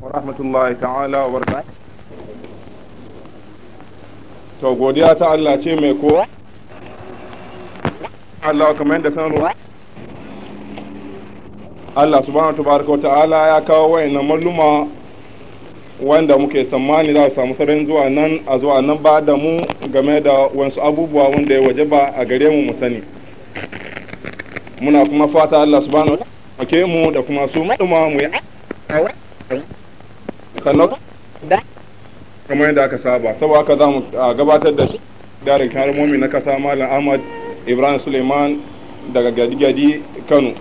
wa rahmatullahi ta'ala wa to godiya ta Allah ce mai kowa Allah kuma yadda sanarwa Allah subhanahu wa ta'ala ya kawo wayannan malluma wanda muke tsammani za su samu sarin zuwa nan a zuwa nan ba da mu game da wasu abubuwa wanda ya waje ba a gare mu mu sani muna kuma fata Allah subhanahu wa ta'ala mu da kuma su malluma mu yi sannan kamar yadda aka saba saboda haka za mu gabatar da shi darin kalmomi na kasa malam ahmad ibrahim suleiman daga gadi-gadi kano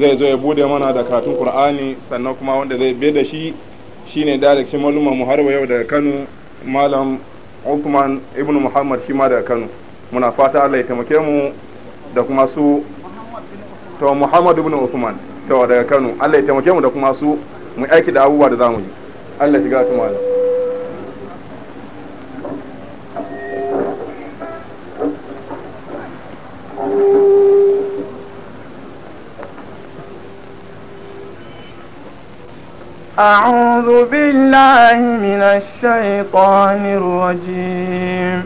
zai zo ya bude mana da karatun qur'ani sannan kuma wanda zai bai da shi shine darik shi malumar mu har yau daga kano malam uthman ibn muhammad shi ma daga kano muna fata allah ya taimake mu da kuma su to muhammad ibn uthman to daga kano allah ya taimake mu da kuma su mu aiki da abubuwa da zamu yi الله shiga wata أعوذ بالله من الشيطان الرجيم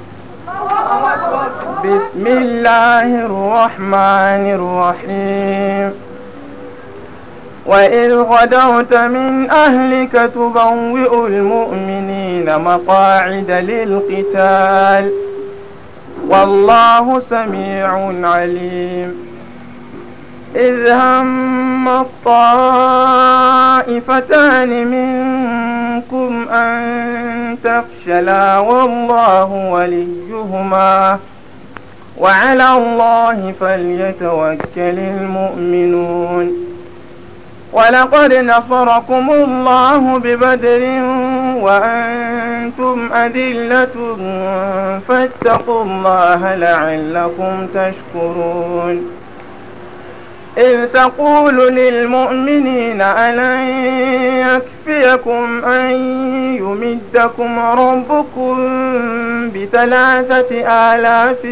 بسم الله الرحمن الرحيم وإذ غدوت من أهلك تبوئ المؤمنين مقاعد للقتال والله سميع عليم إذ هم الطائفتان منكم أن تفشلا والله وليهما وعلى الله فليتوكل المؤمنون ولقد نصركم الله ببدر وأنتم أدلة فاتقوا الله لعلكم تشكرون إذ تقول للمؤمنين ألن يكفيكم أن يمدكم ربكم بثلاثة آلاف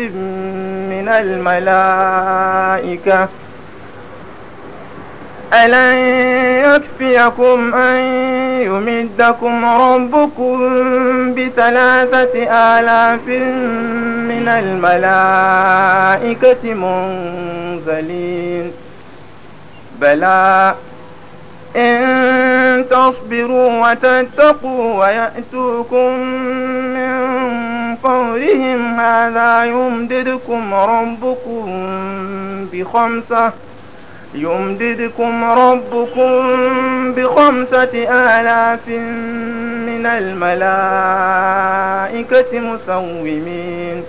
من الملائكة ۖ ألن يكفيكم أن يمدكم ربكم بثلاثة آلاف من الملائكة منزلين بلى إن تصبروا وتتقوا ويأتوكم من قولهم هذا يمددكم ربكم بخمسة يمددكم ربكم بخمسة آلاف من الملائكة مسومين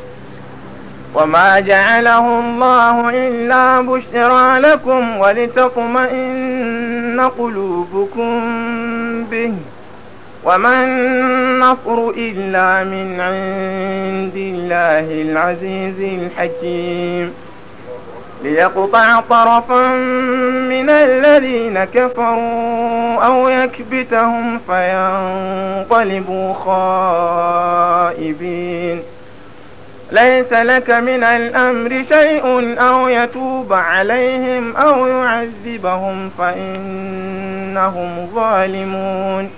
وما جعله الله إلا بشرى لكم ولتطمئن قلوبكم به وما النصر إلا من عند الله العزيز الحكيم ليقطع طرفا من الذين كفروا أو يكبتهم فينقلبوا خائبين ليس لك من الأمر شيء أو يتوب عليهم أو يعذبهم فإنهم ظالمون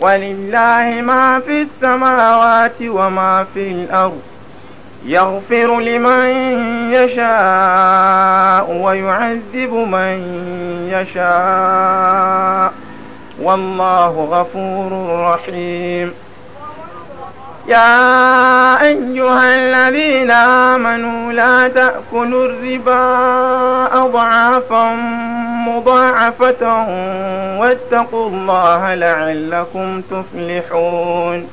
ولله ما في السماوات وما في الأرض يغفر لمن يشاء ويعذب من يشاء والله غفور رحيم يا أيها الذين آمنوا لا تأكلوا الربا أضعافا مضاعفة واتقوا الله لعلكم تفلحون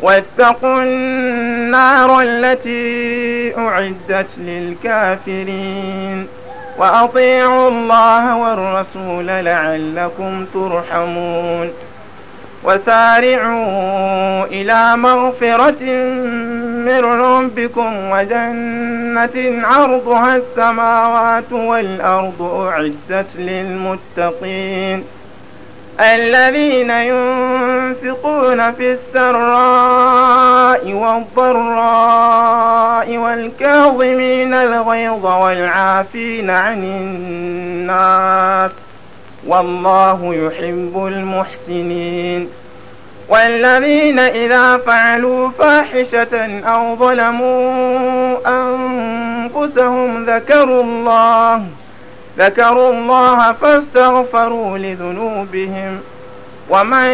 واتقوا النار التي أعدت للكافرين وأطيعوا الله والرسول لعلكم ترحمون وسارعوا إلى مغفرة من ربكم وجنة عرضها السماوات والأرض أعدت للمتقين الذين ينفقون في السراء والضراء والكاظمين الغيظ والعافين عن الناس والله يحب المحسنين والذين إذا فعلوا فاحشة أو ظلموا أنفسهم ذكروا الله ۖ ذكروا الله فاستغفروا لذنوبهم ومن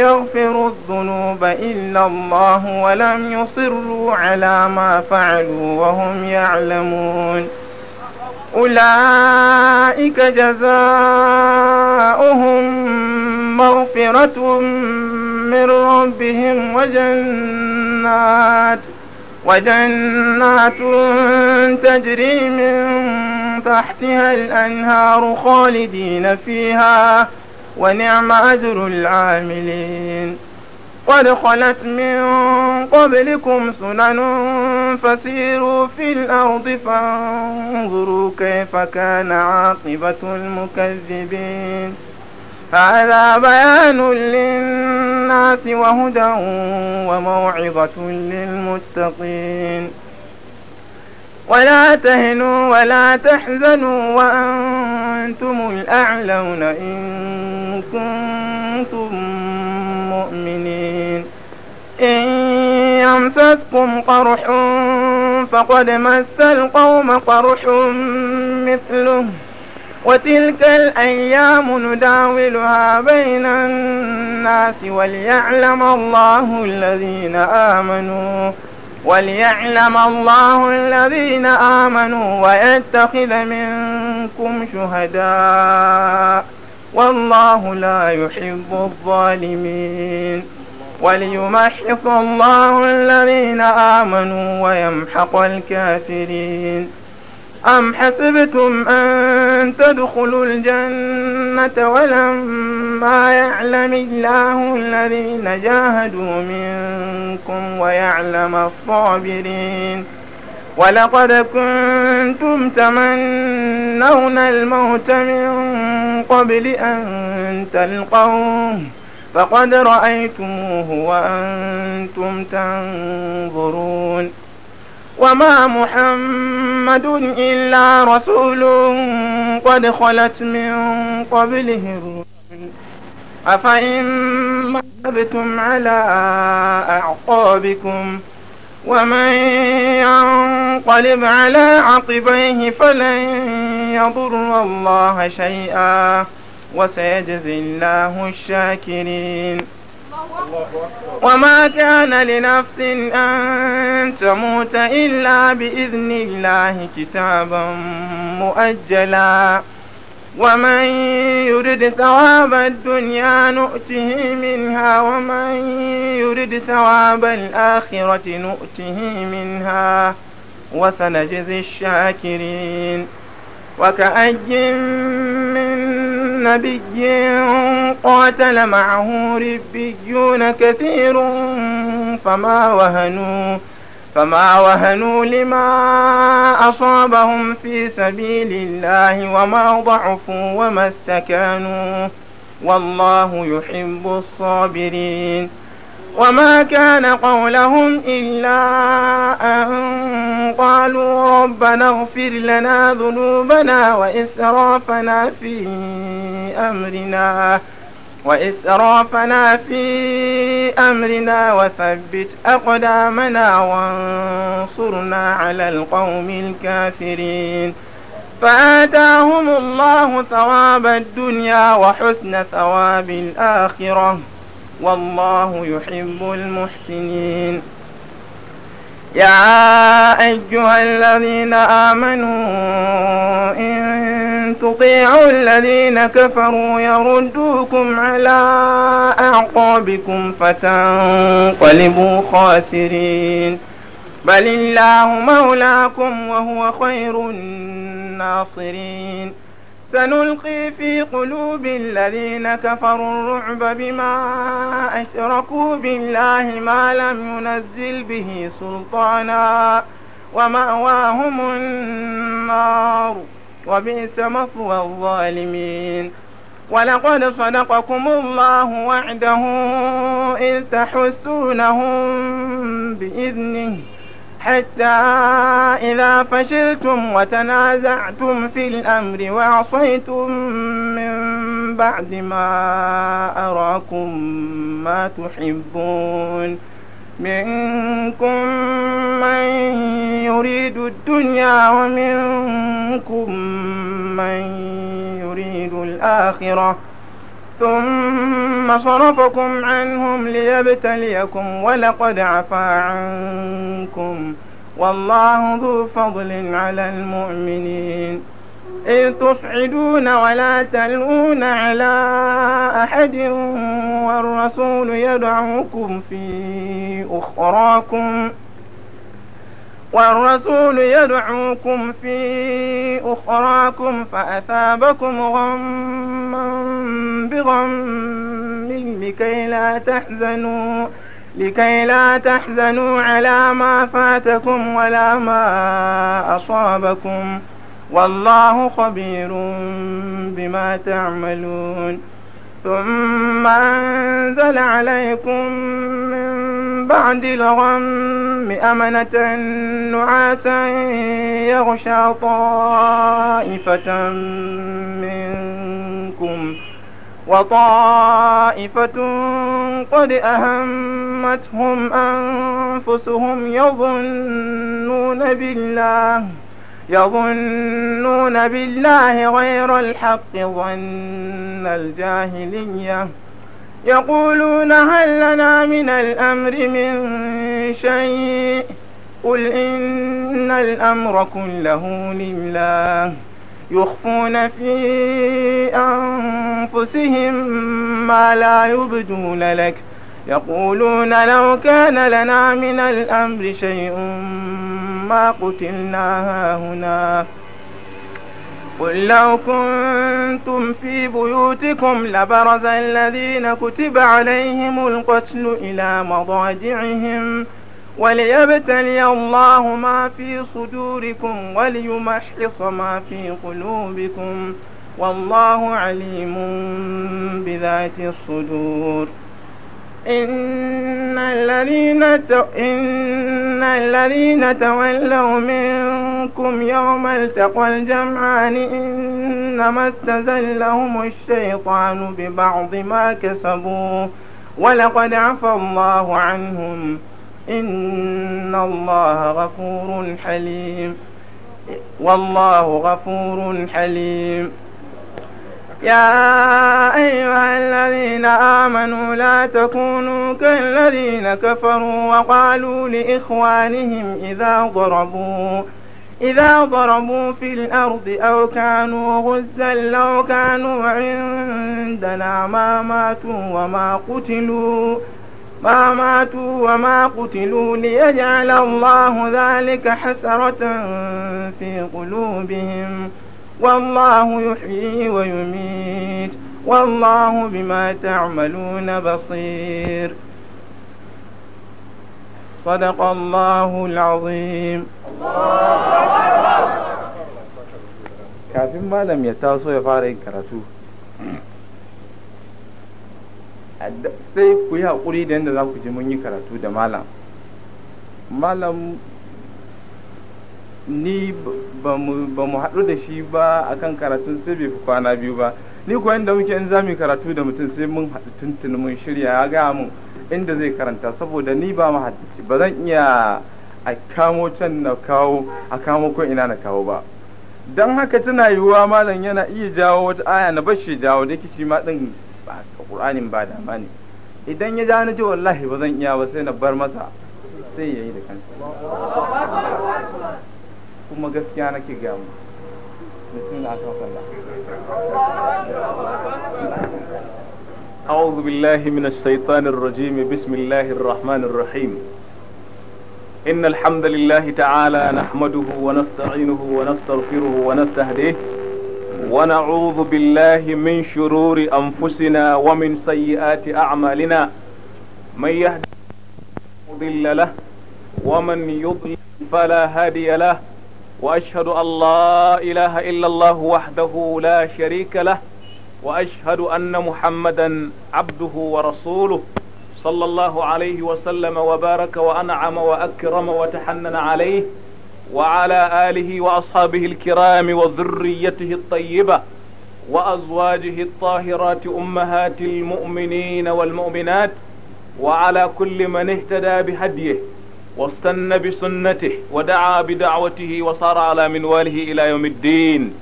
يغفر الذنوب إلا الله ولم يصروا على ما فعلوا وهم يعلمون أولئك جزاؤهم مغفرة من ربهم وجنات ۖ وجنات تجري من تحتها الأنهار خالدين فيها ونعم أجر العاملين قد خلت من قبلكم سنن فسيروا في الأرض فانظروا كيف كان عاقبة المكذبين فهذا بيان للناس وهدى وموعظة للمتقين ولا تهنوا ولا تحزنوا وأنتم الأعلون إن كنتم مؤمنين إن يمسسكم قرح فقد مس القوم قرح مثله وتلك الأيام نداولها بين الناس وليعلم الله الذين آمنوا وليعلم الله الذين آمنوا ويتخذ منكم شهداء والله لا يحب الظالمين وليمحق الله الذين آمنوا ويمحق الكافرين أم حسبتم أن تدخلوا الجنة ولما يعلم الله الذين جاهدوا منكم ويعلم الصابرين ولقد كنتم تمنون الموت من قبل أن تلقوه فقد رأيتموه وأنتم تنظرون وما محمد إلا رسول قد خلت من قبله الرسل أفإن مذبتم على أعقابكم ومن ينقلب على عقبيه فلن يضر الله شيئا وسيجزي الله الشاكرين وما كان لنفس أن تموت إلا بإذن الله كتابا مؤجلا ومن يرد ثواب الدنيا نؤته منها ومن يرد ثواب الآخرة نؤته منها وسنجزي الشاكرين وكأي من نبي قاتل معه ربيون كثير فما وهنوا فما وهنوا لما أصابهم في سبيل الله وما ضعفوا وما استكانوا والله يحب الصابرين وما كان قولهم إلا أن قالوا ربنا اغفر لنا ذنوبنا وإسرافنا في أمرنا وإسرافنا في أمرنا وثبت أقدامنا وانصرنا على القوم الكافرين فآتاهم الله ثواب الدنيا وحسن ثواب الآخرة والله يحب المحسنين يا أيها الذين آمنوا إن تطيعوا الذين كفروا يردوكم على أعقابكم فتنقلبوا خاسرين بل الله مولاكم وهو خير الناصرين سنلقي في قلوب الذين كفروا الرعب بما أشركوا بالله ما لم ينزل به سلطانا ومأواهم النار وبئس مثوى الظالمين ولقد صدقكم الله وعده إذ تحسونهم بإذنه حتى إذا فشلتم وتنازعتم في الأمر وعصيتم من بعد ما أراكم ما تحبون منكم من يريد الدنيا ومنكم من يريد الآخرة ثم صرفكم عنهم ليبتليكم ولقد عفا عنكم والله ذو فضل على المؤمنين إذ تصعدون ولا تلؤون على أحد والرسول يدعوكم في أخراكم ۖ والرسول يدعوكم في أخراكم فأثابكم غما بغم لكي لا تحزنوا لكي لا تحزنوا على ما فاتكم ولا ما أصابكم والله خبير بما تعملون ثم أنزل عليكم من بعد الغم أمنة نعاسا يغشى طائفة منكم وطائفة قد أهمتهم أنفسهم يظنون بالله يظنون بالله غير الحق ظن الجاهلية يقولون هل لنا من الأمر من شيء قل إن الأمر كله لله يخفون في أنفسهم ما لا يبدون لك ۖ يقولون لو كان لنا من الأمر شيء ما قتلنا هاهنا قل لو كنتم في بيوتكم لبرز الذين كتب عليهم القتل إلى مضاجعهم وليبتلي الله ما في صدوركم وليمحص ما في قلوبكم والله عليم بذات الصدور إن الذين ت... إن الذين تولوا منكم يوم التقى الجمعان إنما استزلهم الشيطان ببعض ما كسبوا ولقد عفى الله عنهم إن الله غفور حليم والله غفور حليم يا أيها الذين آمنوا لا تكونوا كالذين كفروا وقالوا لإخوانهم إذا ضربوا إذا ضربوا في الأرض أو كانوا غزا لو كانوا عندنا ما ماتوا وما قتلوا ما ماتوا وما قتلوا ليجعل الله ذلك حسرة في قلوبهم ۖ والله يحيي ويميت والله بما تعملون بصير صدق الله العظيم kafin malam ya taso ya fara yin karatu sai ku yi haƙuri da yadda za ku ji mun yi karatu da malam malam ni ba mu haɗu da shi ba a kan karatun sai bai fi kwana biyu ba ni kuwa inda muke in za mu karatu da mutum sai mun haɗu tuntun mun shirya ya gaya mun inda zai karanta saboda ni ba mu haddace ba zan iya a kamo can na kawo a kamo ko ina na kawo ba don haka tana yiwuwa malam yana iya jawo wata aya na bashi jawo da kishi ma din ba ƙuranin ba dama ne idan ya ja na ji wallahi ba zan iya ba sai na bar masa sai ya yi da kansa kuma gaskiya nake gamu bismillah أعوذ بالله من الشيطان الرجيم بسم الله الرحمن الرحيم إن الحمد لله تعالى نحمده ونستعينه ونستغفره ونستهديه ونعوذ بالله من شرور أنفسنا ومن سيئات أعمالنا من يهدي مضل له ومن يضلل فلا هادي له وأشهد أن لا إله إلا الله وحده لا شريك له وأشهد أن محمدا عبده ورسوله صلى الله عليه وسلم وبارك وأنعم وأكرم وتحنن عليه وعلى آله وأصحابه الكرام وذريته الطيبة وأزواجه الطاهرات أمهات المؤمنين والمؤمنات وعلى كل من اهتدى بهديه واستنى بسنته ودعا بدعوته وصار على منواله الى يوم الدين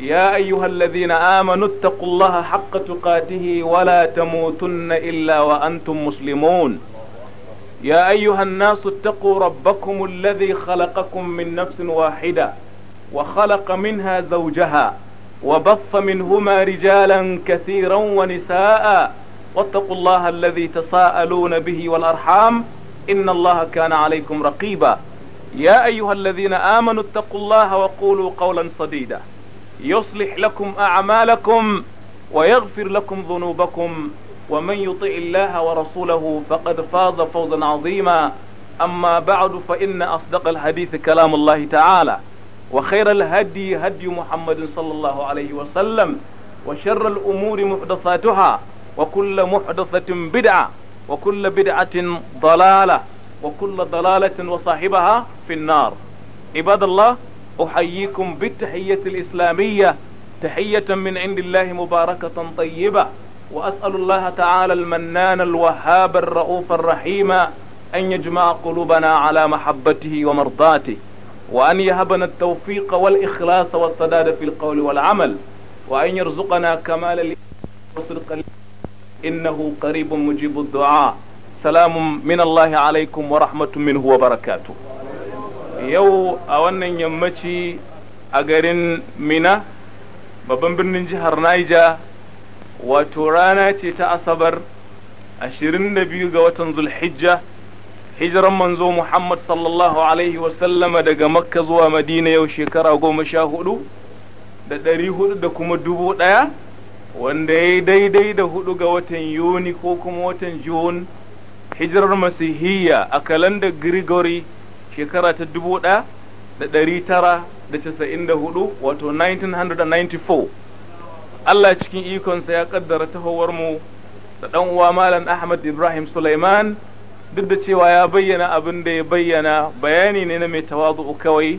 يا ايها الذين امنوا اتقوا الله حق تقاته ولا تموتن الا وانتم مسلمون يا ايها الناس اتقوا ربكم الذي خلقكم من نفس واحده وخلق منها زوجها وبث منهما رجالا كثيرا ونساء واتقوا الله الذي تساءلون به والارحام إن الله كان عليكم رقيبا يا أيها الذين آمنوا اتقوا الله وقولوا قولا صديدا يصلح لكم أعمالكم ويغفر لكم ذنوبكم ومن يطع الله ورسوله فقد فاز فوزا عظيما أما بعد فإن أصدق الحديث كلام الله تعالى وخير الهدي هدي محمد صلى الله عليه وسلم وشر الأمور محدثاتها وكل محدثة بدعة وكل بدعة ضلالة وكل ضلالة وصاحبها في النار عباد الله أحييكم بالتحية الإسلامية تحية من عند الله مباركة طيبة وأسأل الله تعالى المنان الوهاب الرؤوف الرحيم أن يجمع قلوبنا على محبته ومرضاته وأن يهبنا التوفيق والإخلاص والسداد في القول والعمل وأن يرزقنا كمال والصدق إنه قريب مجيب الدعاء سلام من الله عليكم ورحمة منه وبركاته يو أولا يمتي أقرن منا babban birnin jihar Niger wato rana ce ta Asabar 22 ga watan Zulhijja hijiran manzo Muhammad sallallahu alaihi wasallama daga Makka zuwa Madina yau shekara goma sha hudu da ɗari hudu da kuma dubu ɗaya wanda ya yi daidai da hudu ga watan yuni ko kuma watan jun hijirar masihiyya a kalanda gregory shekara ta dubu da ɗari tara da casa'in da hudu wato 1994 Allah cikin ikonsa ya kaddara tahowar mu da ɗan uwa malam Ahmad Ibrahim Sulaiman duk da cewa ya bayyana abin da ya bayyana bayani ne na mai tawazu kawai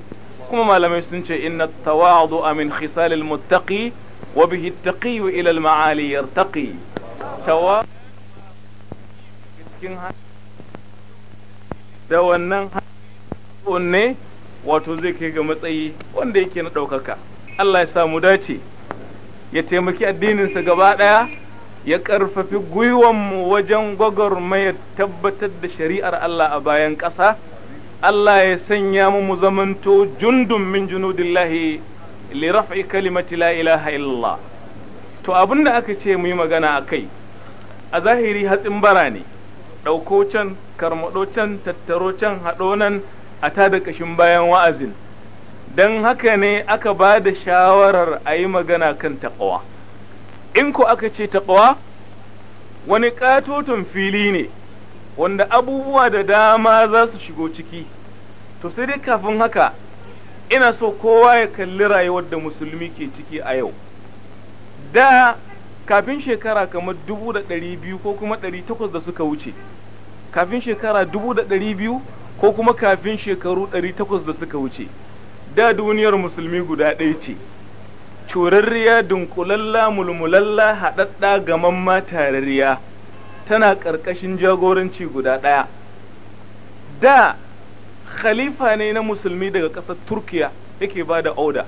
kuma malamai sun ce inna tawadu min khisalil muttaqi وبه التقي إلى المعالي يرتقي سواء da wannan ne wato zai kai ga matsayi wanda yake na ɗaukaka Allah ya samu dace ya taimaki addininsa gaba ɗaya ya ƙarfafi mu wajen gwagwarmayar tabbatar da shari'ar Allah a bayan ƙasa Allah ya sanya mu zamanto jundun min lahi. li raf'i kalimati la ilaha illallah to abin da aka ce mu yi magana a kai a zahiri hatsin bara ne ɗauko can karmaɗo can tattaro can haɗo nan a ta da ƙashin bayan wa'azin don haka ne aka ba da shawarar a yi magana kan taƙawa in ko aka ce taƙawa wani ƙatoton fili ne wanda abubuwa da dama za su shigo ciki to sai dai kafin haka ina so kowa ya kalli rayuwar da musulmi ke ciki a yau da kafin shekara kamar dubu da ɗari biyu ko kuma ɗari takwas da suka wuce kafin shekara dubu da ɗari biyu ko kuma kafin shekaru ɗari takwas da suka wuce da duniyar musulmi guda ɗaya ce curarriya dunkulalla mulmulalla haɗaɗɗa gamamma tarariya tana ƙarƙashin jagoranci guda ɗaya da khalifa ne na musulmi daga ƙasar turkiya yake ba da oda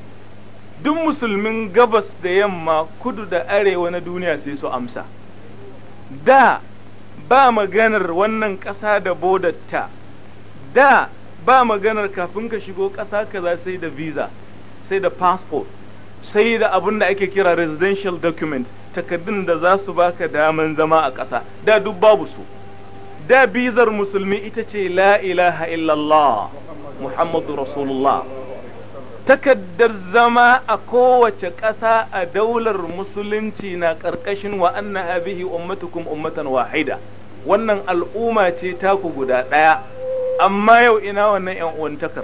duk musulmin gabas da yamma kudu da arewa na duniya sai su amsa da ba maganar wannan ƙasa da bodatta da ba maganar kafin ka shigo ƙasa kaza sai da visa sai da passport sai da abin da ake kira residential document takardun da za su baka daman zama a ƙasa da duk babu su da bizar musulmi ita ce la ilaha illallah muhammadu rasulullah takaddar zama a kowace ƙasa a daular musulunci na ƙarƙashin wa anna habihi ummatukum ummatan wahida wannan al'umma ce taku guda ɗaya amma yau ina wannan yan uwantakar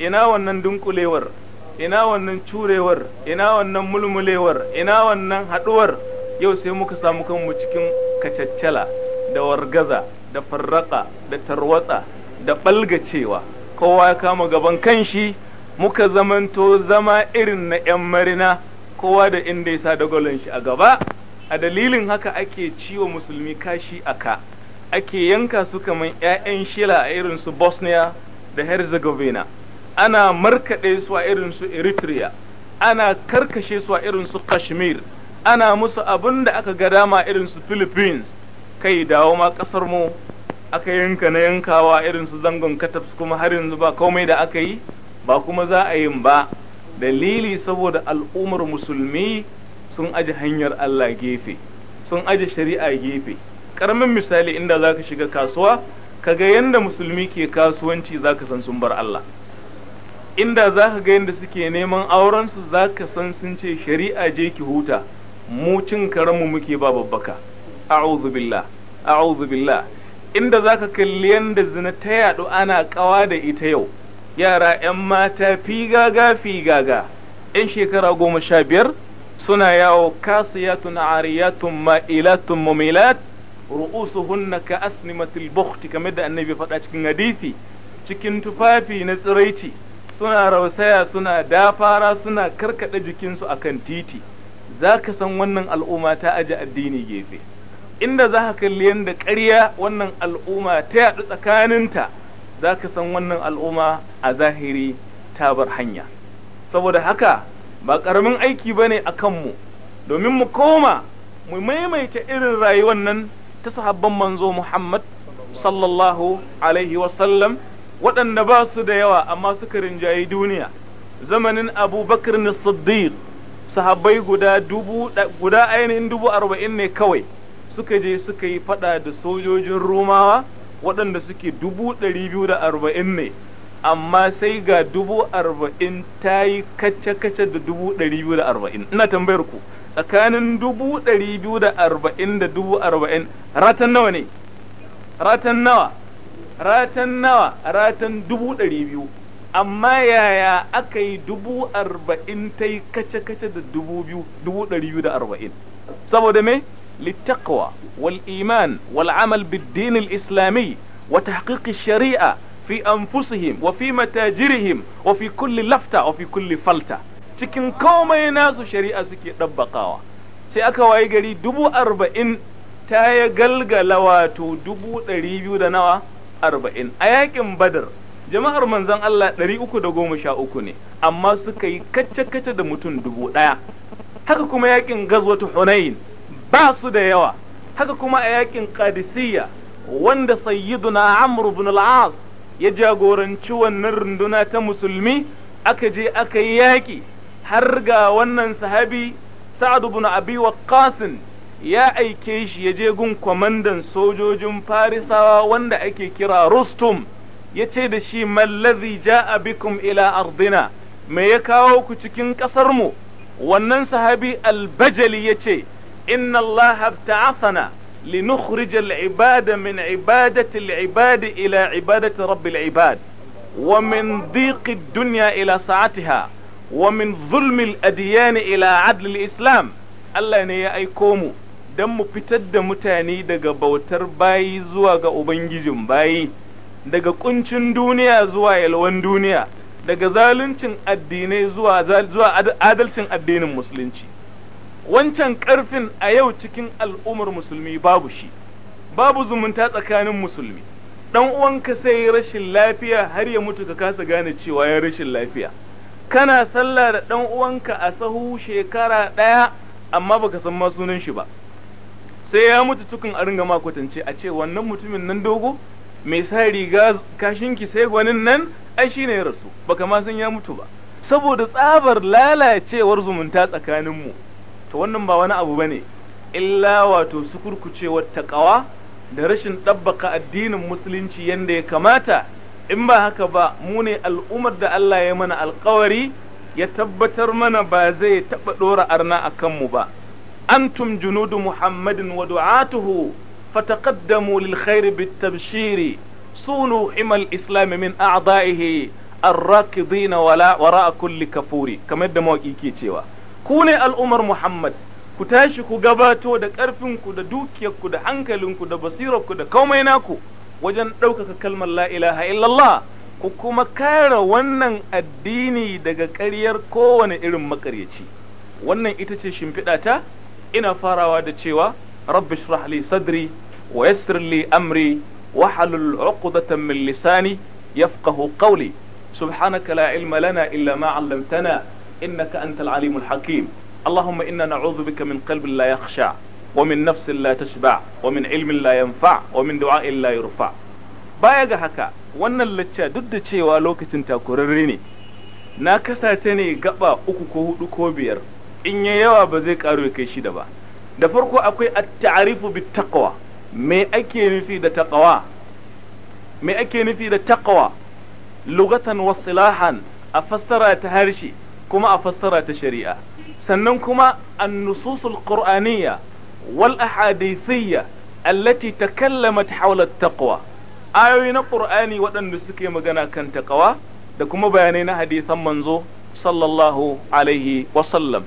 ina wannan dunkulewar ina wannan curewar ina wannan mulmulewar ina wannan haɗuwar yau sai muka samu kanmu cikin kacaccala da wargaza da farraka da tarwatsa da ɓalgacewa kowa ya kama gaban kanshi muka zamanto zama irin na 'yan marina kowa da inda ya sa dagwalon shi a gaba a dalilin haka ake ciwo musulmi kashi a ka ake yanka su kamar 'ya'yan shila a irin su bosnia da herzegovina ana markaɗe su a irin su eritrea ana karkashe su a irin su kashmir ana musu abin da aka ga dama irin su philippines kai dawo ma kasar mu aka yanka na yankawa irin su zangon katabs kuma har yanzu ba komai da aka yi ba kuma za a yin ba dalili saboda al'ummar musulmi sun aji hanyar Allah gefe sun aji shari'a gefe karamin misali inda za ka shiga kasuwa ka ga yanda musulmi ke kasuwanci za ka san sun bar Allah inda za ka ga yanda suke neman aurensu za ka san sun ce shari'a je ki huta mu cin karamu muke ba babbaka a'udhu billah a'udhu billah inda zaka kalli yanda zina ta yadu ana kawa da ita yau yara yan mata fi gaga. yan shekara goma sha biyar suna yawo kasiyatun ariyatun ma'ilatun mumilat ru'usuhunna ka asnimatil bukhti kamar da annabi faɗa cikin hadisi cikin tufafi na tsiraici suna rausaya suna dafara suna karkada jikinsu akan titi zaka san wannan al'umma ta aji addini gefe inda za ka kalli yadda ƙarya wannan al'umma ta yaɗu tsakaninta za ka san wannan al'umma a zahiri ta bar hanya saboda haka ba ƙaramin aiki ba ne a kanmu domin mu koma mu maimaita irin rayuwar nan ta sahabban manzo Muhammad sallallahu alaihi wasallam waɗanda ba su da yawa amma suka rinjayi duniya zamanin abubakar na siddiq sahabbai guda guda ainihin dubu arba'in ne kawai suka je suka yi fada da sojojin Romawa waɗanda suke dubu ɗari biyu da arba'in ne amma sai ga dubu arba'in ta yi kace-kace da dubu ɗari biyu da arba'in ina tambayar ku tsakanin dubu ɗari biyu da arba'in da dubu arba'in ratan nawa ne ratan nawa ratan nawa ratan dubu ɗari biyu amma yaya aka yi dubu arba'in ta yi kace-kace da dubu biyu dubu ɗari biyu da arba'in saboda me للتقوى والإيمان والعمل بالدين الإسلامي وتحقيق الشريعة في أنفسهم وفي متاجرهم وفي كل لفتة وفي كل فلتة cikin komai nasu shari'a suke ɗabbaƙawa sai aka waye gari dubu arba'in ta ya galgala wato dubu ɗari biyu da nawa arba'in a yakin badar jama'ar manzon Allah ɗari uku da goma sha uku ne amma suka yi kacce-kacce da mutum dubu ɗaya haka kuma yakin gazwatu hunain ba su da yawa haka kuma a yakin qadisiyya wanda sayyiduna amr ibn al-as ya jagoranci wannan runduna ta musulmi aka je aka yi yaki har ga wannan sahabi sa'ad ibn abi waqqas ya aike shi ya je gun kwamandan sojojin farisawa wanda ake kira rustum ya ce da shi mallazi ja'a bikum ila ardina me ya kawo ku cikin ƙasarmu wannan sahabi albajali ya ce إن الله ابتعثنا لنخرج العباد من عبادة العباد إلى عبادة رب العباد ومن ضيق الدنيا إلى ساعتها ومن ظلم الأديان إلى عدل الإسلام Allah ne ya aiko mu don mu fitar da mutane daga bautar bayi zuwa ga Ubangijin bayi, daga kuncin duniya zuwa yalwan duniya, daga zaluncin addinai zuwa adalcin addinin musulunci. wancan ƙarfin a yau cikin al'ummar musulmi babu shi babu zumunta tsakanin musulmi dan uwanka sai ya rashin lafiya har ya mutu ka kasa gane cewa ya rashin lafiya kana sallah da dan uwanka a sahu shekara ɗaya amma baka san ma sunan shi ba sai ya mutu tukun a ringa makwatance a ce wannan mutumin nan dogo mai sa riga kashinki sai gwanin nan ai shine ya rasu baka ma san ya mutu ba saboda tsabar lalacewar zumunta tsakanin mu to wannan ba wani abu ne illa wato sukurkucewar taqawa da rashin ɗabbaka addinin musulunci yanda ya kamata in ba haka ba mu ne al'ummar da Allah ya mana alkawari ya tabbatar mana ba zai taɓa ɗora arna a kanmu ba antum junudu muhammadin wa du'atuhu fataqaddamu lil khairi bit tabshiri sunu imal islam min a'da'ihi ar-rakidina wala wara'a kulli kafuri kamar da mawaki ke cewa ku ne al'umar Muhammad ku tashi ku gabato da ƙarfinku da ku da hankalinku da ku da komai naku wajen ɗaukaka kalmar la ilaha illallah ku kuma kare wannan addini daga ƙaryar kowane irin makaryaci wannan ita ce shimfiɗa ta ina farawa da cewa rabbi shrah li sadri wa yassir li amri wa halul uqdatan min lisani yafqahu qawli subhanaka la ilma lana illa ma 'allamtana إنك أنت العليم الحكيم اللهم إنا نعوذ بك من قلب لا يخشع ومن نفس لا تشبع ومن علم لا ينفع ومن دعاء لا يرفع baya ga haka wannan lacca duk da cewa lokacin takurarre ne na kasa ta ne gaba uku ko hudu ko biyar in ya yawa ba zai karo ya kai shida ba da farko akwai at-ta'rifu bit taqwa me ake nufi da taqwa me da lugatan wa a fassara ta harshe kuma a fassara ta shari'a sannan kuma an-nususul qur'aniyya wal ahadithiyya allati takallamat hawla at-taqwa ayoyi na qur'ani waɗanda suke magana kan taqwa da kuma bayanai na hadisan manzo sallallahu alaihi sallam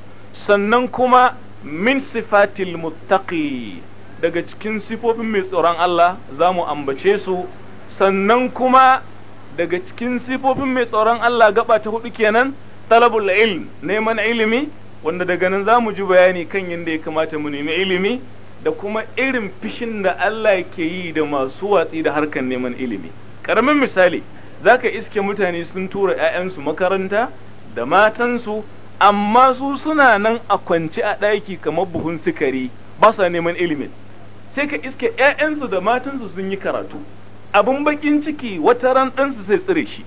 sannan kuma min sifatil muttaqi daga cikin sifofin mai tsoron Allah za mu ambace su sannan kuma daga cikin sifofin mai tsoron Allah gaba ta hudu kenan talabul ilm neman ilimi wanda daga nan za mu ji bayani kan yadda ya kamata mu nemi ilimi da kuma irin fishin da Allah ke yi da masu watsi da harkar neman ilimi karamin misali zaka iske mutane sun tura 'ya'yansu makaranta da matansu amma su suna nan a kwance a ɗaki kamar buhun sikari ba sa neman ilimin sai ka iske 'ya'yansu da matansu sun yi karatu abin bakin ciki wata ran ɗansu sai tsire shi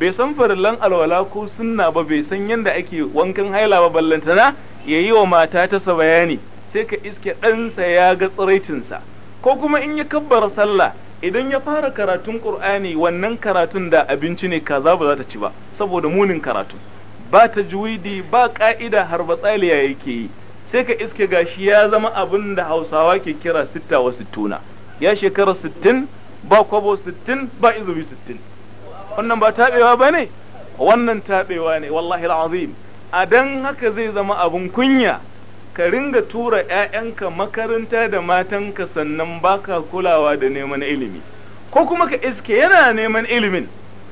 bai san farillan alwala ko sunna ba bai san yadda ake wankan haila ba ballantana ya yi wa mata ta sa bayani sai ka iske ɗansa ya ga tsiraitinsa ko kuma in ya kabbar sallah idan ya fara karatun qur'ani wannan karatun da abinci ne kaza ba za ta ci ba saboda munin karatu ba ta juwidi ba ka'ida har batsaliya yake yi sai ka iske gashi ya zama abin da hausawa ke kira sitta wa ya shekara sittin ba kwabo sittin ba izubi sittin wannan ba tabewa ne? wannan tabewa ne wallahi alazim a don haka zai zama abun kunya ka ringa tura 'ya'yanka makaranta da matanka sannan baka kulawa da neman ilimi ko kuma ka iske yana neman ilimin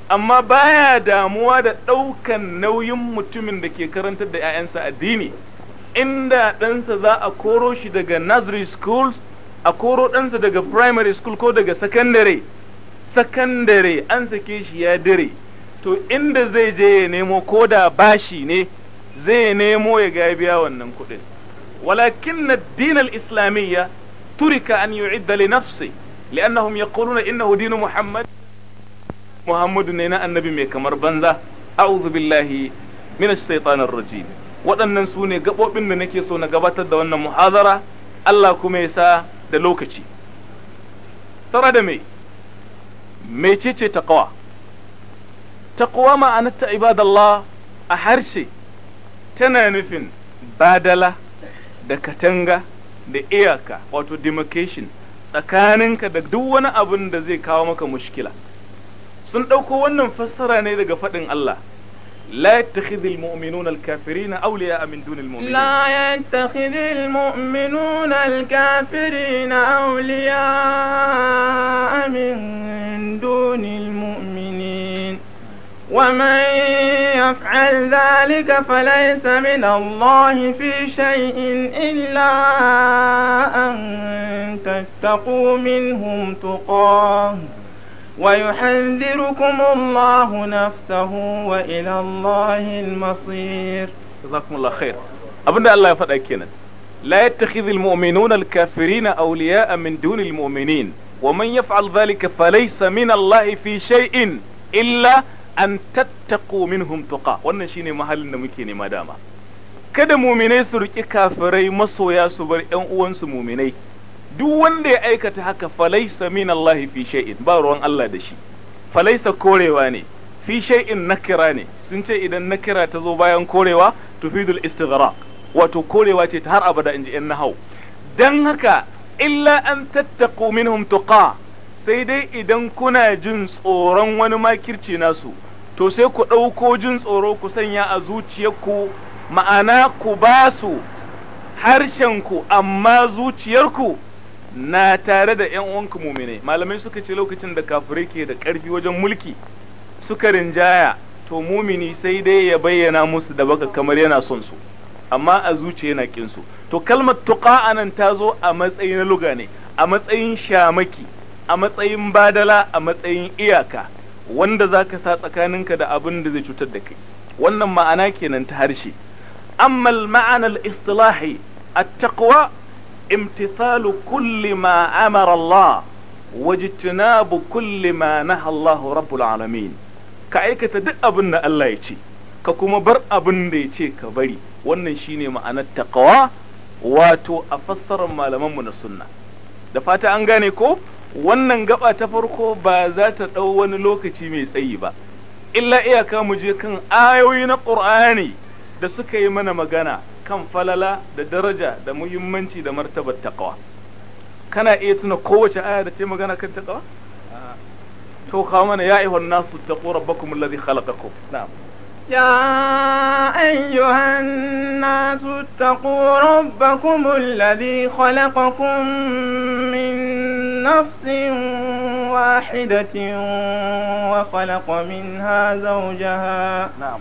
amma baya damuwa da ɗaukan nauyin mutumin da ke karantar da 'ya'yansa addini inda ɗansa za a koro shi daga nursery schools a koro ɗansa daga primary school ko daga secondary sakandare an sake shi ya dare to inda zai je ya nemo ko da bashi ne zai nemo ya ga biya wannan kuɗin walakin na dinar islamiyya turika an yu'idda li nafsi li'annahum yaquluna innahu dinu muhammad muhammadu ne na annabi mai kamar banza a'udhu billahi minash shaitanir rajim waɗannan su ne gaɓoɓin da nake so na gabatar da wannan muhazara Allah kuma ya sa da lokaci tara da mai mecece taqwa taqwa ma'anarta ibadallah a harshe tana nufin badala da katanga da iyaka wato demarcation tsakaninka da duk wani abin da zai kawo maka mushkila sun ɗauko wannan fassara ne daga faɗin Allah لا يتخذ المؤمنون الكافرين أولياء من دون المؤمنين لا يتخذ المؤمنون الكافرين أولياء من دون المؤمنين ومن يفعل ذلك فليس من الله في شيء إلا أن تتقوا منهم تقاه ويحذركم الله نفسه وإلى الله المصير جزاكم الله خير أبدا الله يفدأ كينا لا يتخذ المؤمنون الكافرين أولياء من دون المؤمنين ومن يفعل ذلك فليس من الله في شيء إلا an tattaku minhum tuqa wannan shine mahallin da muke nema dama kada muminai su riki kafirai masoya su bar ƴan uwansu muminai duk wanda ya aikata haka falaisa min Allah fi shay'in ba ruwan Allah da shi falaisa korewa ne fi shay'in nakira ne sun ce idan nakira ta zo bayan korewa tufidul istighraq wato korewa ce ta har abada inji yan nahau dan haka illa an tattaqu minhum tuqa sai dai idan kuna jin tsoron wani makirci nasu to sai ku ɗauko jin tsoro ku sanya a zuciyarku ma'ana ku ba su harshenku amma zuciyarku na tare da yan uwanka mumine malamai suka ce lokacin da kafirai ke da ƙarfi wajen mulki suka rinjaya to mumini sai dai ya bayyana musu da baka kamar yana son su amma a zuciya yana kin su to kalmar tuqa anan ta zo a matsayin luga ne a matsayin shamaki a matsayin badala a matsayin iyaka wanda zaka sa tsakaninka da abin da zai cutar da kai wannan ma'ana kenan ta harshe amma ma'anar istilahi at-taqwa امتثال كل ما امر الله واجتناب كل ما نهى الله رب العالمين ka aikata duk الله Allah ya ce ka kuma bar abinda ya ce ka bari wannan shine ma'anar taqwa wato a fassarar malaman mu na sunna da fata an gane ko wannan gaba ta farko ba za ta ɗau wani lokaci mai tsayi ba illa iyaka mu je kan ayoyi na ƙur'ani da suka yi mana magana kan falala da daraja da muhimmanci da martabar taqwa kana iya tuna kowace aya da ce magana kan taqwa to kawo mana ya ayyuhan nasu taqu rabbakum alladhi khalaqakum na'am يا أيها الناس اتقوا ربكم الذي خلقكم من نفس واحدة وخلق منها زوجها نعم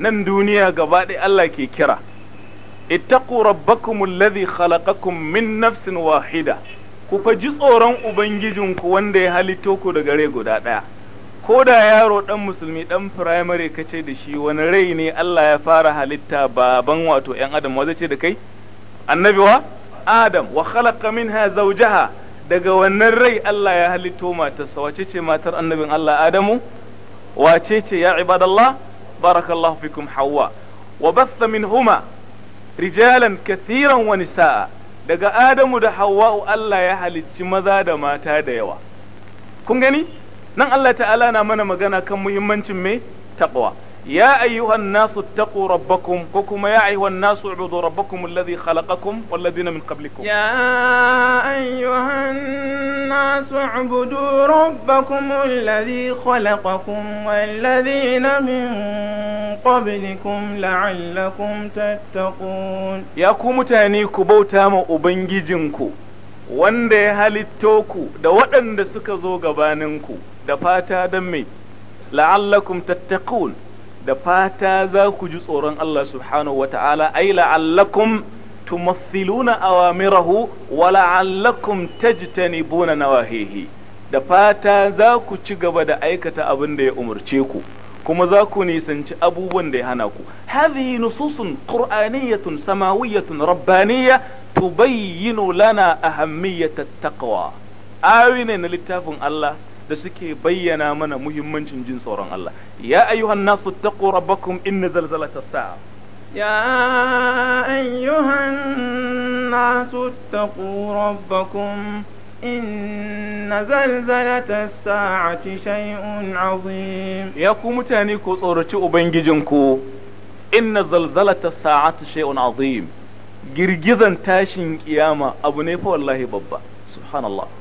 nan duniya gaba ɗaya Allah ke kira ittaqu rabbakum alladhi khalaqakum min nafsin wahida ku fa ji tsoron ubangijinku wanda ya halitto ku daga rai guda ɗaya ko da yaro ɗan musulmi ɗan firamare ka ce da shi wani rai ne Allah ya fara halitta baban wato ‘yan adam wa ce da kai annabi wa adam wa khalaqa minha zawjaha daga wannan rai Allah ya halitto matarsa wace ce matar annabin Allah Adamu wace ce ya ibadallah بارك الله فيكم حواء وبث منهما رجالا كثيرا ونساء daga Adamu da Hawwa'u Allah ya halicci maza da mata da yawa kun gani nan Allah ta'ala na mana magana kan muhimmancin mai taqwa يا أيها الناس اتقوا ربكم وكما يا أيها الناس اعبدوا ربكم الذي خلقكم والذين من قبلكم يا أيها الناس اعبدوا ربكم الذي خلقكم والذين من قبلكم لعلكم تتقون يا كم تانيكو بوتام أبنجيجنكو wanda ya halitto ku da waɗanda suka zo gabaninku da fata don mai la'allakum tattaqun da fata za ku ji tsoron Allah subhanahu wa ta'ala ai la'allakum tumathiluna awamirahu wa la'allakum tajtanibuna nawahihi da fata za ku ci gaba da aikata abin da ya umarce ku kuma za ku nisanci abubuwan da ya hana ku hadhihi nususun qur'aniyyatun samawiyyatun rabbaniyya tubayyinu lana ahammiyyatat taqwa ayoyi ne na littafin Allah da suke bayyana mana muhimmancin jin tsoron Allah ya ayyuhan nasu taqu rabbakum inna zalzalatas sa'a ya ayyuhan nasu taqu rabbakum inna zalzalatas sa'ati shay'un 'azim ya ku mutane ku tsoraci ubangijinku inna zalzalatas sa'ati shay'un 'azim girgizan tashin ƙiyama abu ne fa wallahi babba subhanallah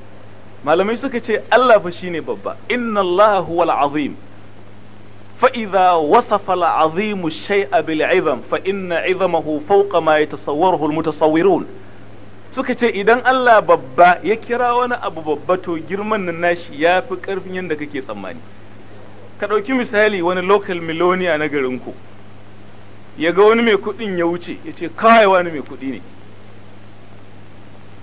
malamai suka ce Allah fa shine babba inna Allah huwal azim fa idha wasafa al azim shay'a bil izam fa inna izamahu fawqa ma yatasawwaruhu al mutasawwirun suka ce idan Allah babba ya kira wani abu babba to girman nan nashi yafi fi karfin yanda kake tsammani ka ɗauki misali wani local millionaire na ku ya ga wani mai kuɗin ya wuce ya ce kawai wani mai kuɗi ne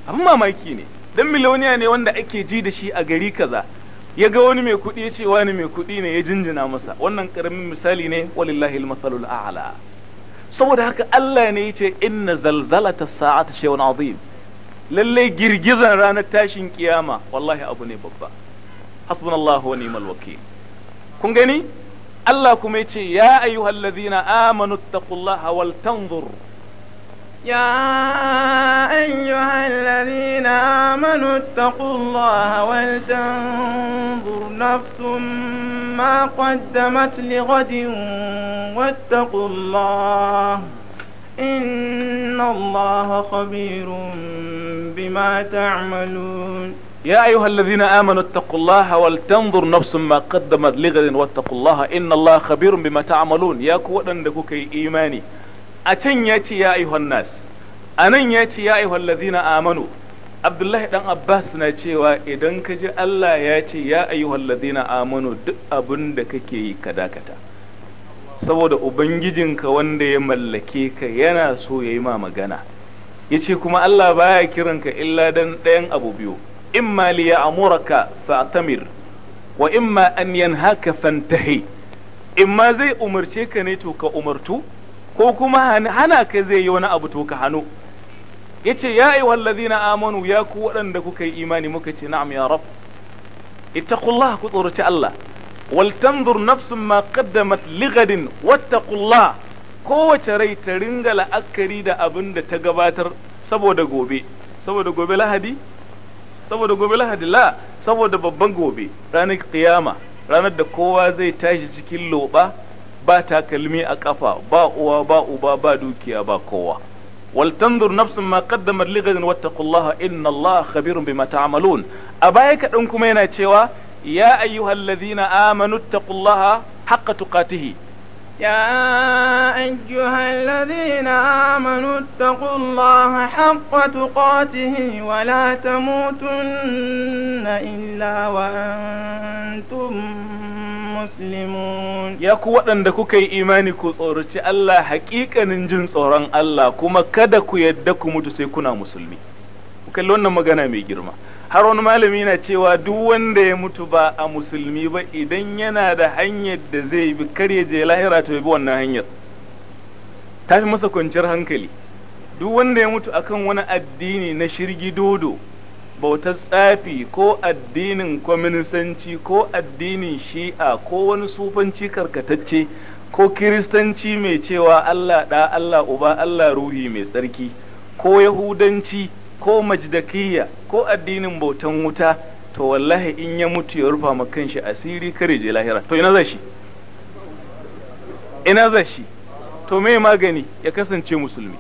abin mamaki ne dan miliyoniya ne wanda ake ji da shi a gari kaza ya ga wani mai kuɗi ya ce wani mai kuɗi ne ya jinjina masa wannan karamin misali ne walillahi almasalul a'la saboda haka Allah ne yace ce inna zalzalata sa'ata shay'un azim lalle girgizan ranar tashin kiyama wallahi abu ne babba hasbunallahu wa ni'mal wakil kun gani Allah kuma yace ya ayyuhallazina amanu taqullaha wal tanzur يا أيها الذين آمنوا اتقوا الله ولتنظر نفس ما قدمت لغد واتقوا الله إن الله خبير بما تعملون يا أيها الذين آمنوا اتقوا الله ولتنظر نفس ما قدمت لغد واتقوا الله إن الله خبير بما تعملون يا كوة أنك إيماني a can ya ce ya ayyuhan nas a nan ya ce ya ayyuhal lazina amanu Abdullahi dan Abbas na cewa idan ka ji Allah ya ce ya ayyuhal lazina amanu duk abin da kake yi ka dakata saboda ubangijinka wanda ya mallake ka yana so ya yi ma magana Ya ce kuma Allah baya kiranka illa dan ɗayan abu biyu In imma li ya'muraka fa'tamir wa in ma an yanhaka fantahi ma zai umarce ka ne to ka umartu ko kuma hana ka zai yi wani abu to ka hano yace ya ayu na amanu ya ku waɗanda kuka yi imani muka ce na'am ya rab ittaqullah ku tsoraci Allah wal tanzur nafsun ma qaddamat lighadin wattaqullah kowace rai ta ringa la'akari da abinda ta gabatar saboda gobe saboda gobe lahadi saboda gobe lahadi la saboda babban gobe ranar kiyama ranar da kowa zai tashi cikin loba ba takalmi a ƙafa ba uwa ba uba ba dukiya ba kowa wal tanzur nafsun ma qaddamat li ghadin wattaqullaha inna allaha khabirun bima ta'malun a baya kadan kuma yana cewa ya ayyuhalladhina amanu taqullaha haqqa tuqatihi يا أيها الذين آمنوا اتقوا الله حق تقاته ولا تموتن إلا وأنتم muslimun ya ku waɗanda kuka yi imani ku tsoraci Allah hakikanin jin tsoron Allah kuma kada ku yadda ku mutu sai kuna musulmi ku kalli wannan magana mai girma har wani malami na cewa duk wanda ya mutu ba a musulmi ba idan yana da hanyar da zai bi kar ya je lahira to bi wannan hanyar ta fi masa kwanciyar hankali duk wanda ya mutu akan wani addini na shirgi dodo bautar tsafi ko addinin kwaminisanci ko addinin shi'a ko wani sufanci karkatacce ko kiristanci mai cewa Allah ɗa Allah uba Allah ruhi mai tsarki ko yahudanci ko majdakiya ko addinin bautan wuta to wallahi in ya mutu ya rufa ma kanshi asiri kare je lahira to ina zashi ina zashi to me magani ya kasance musulmi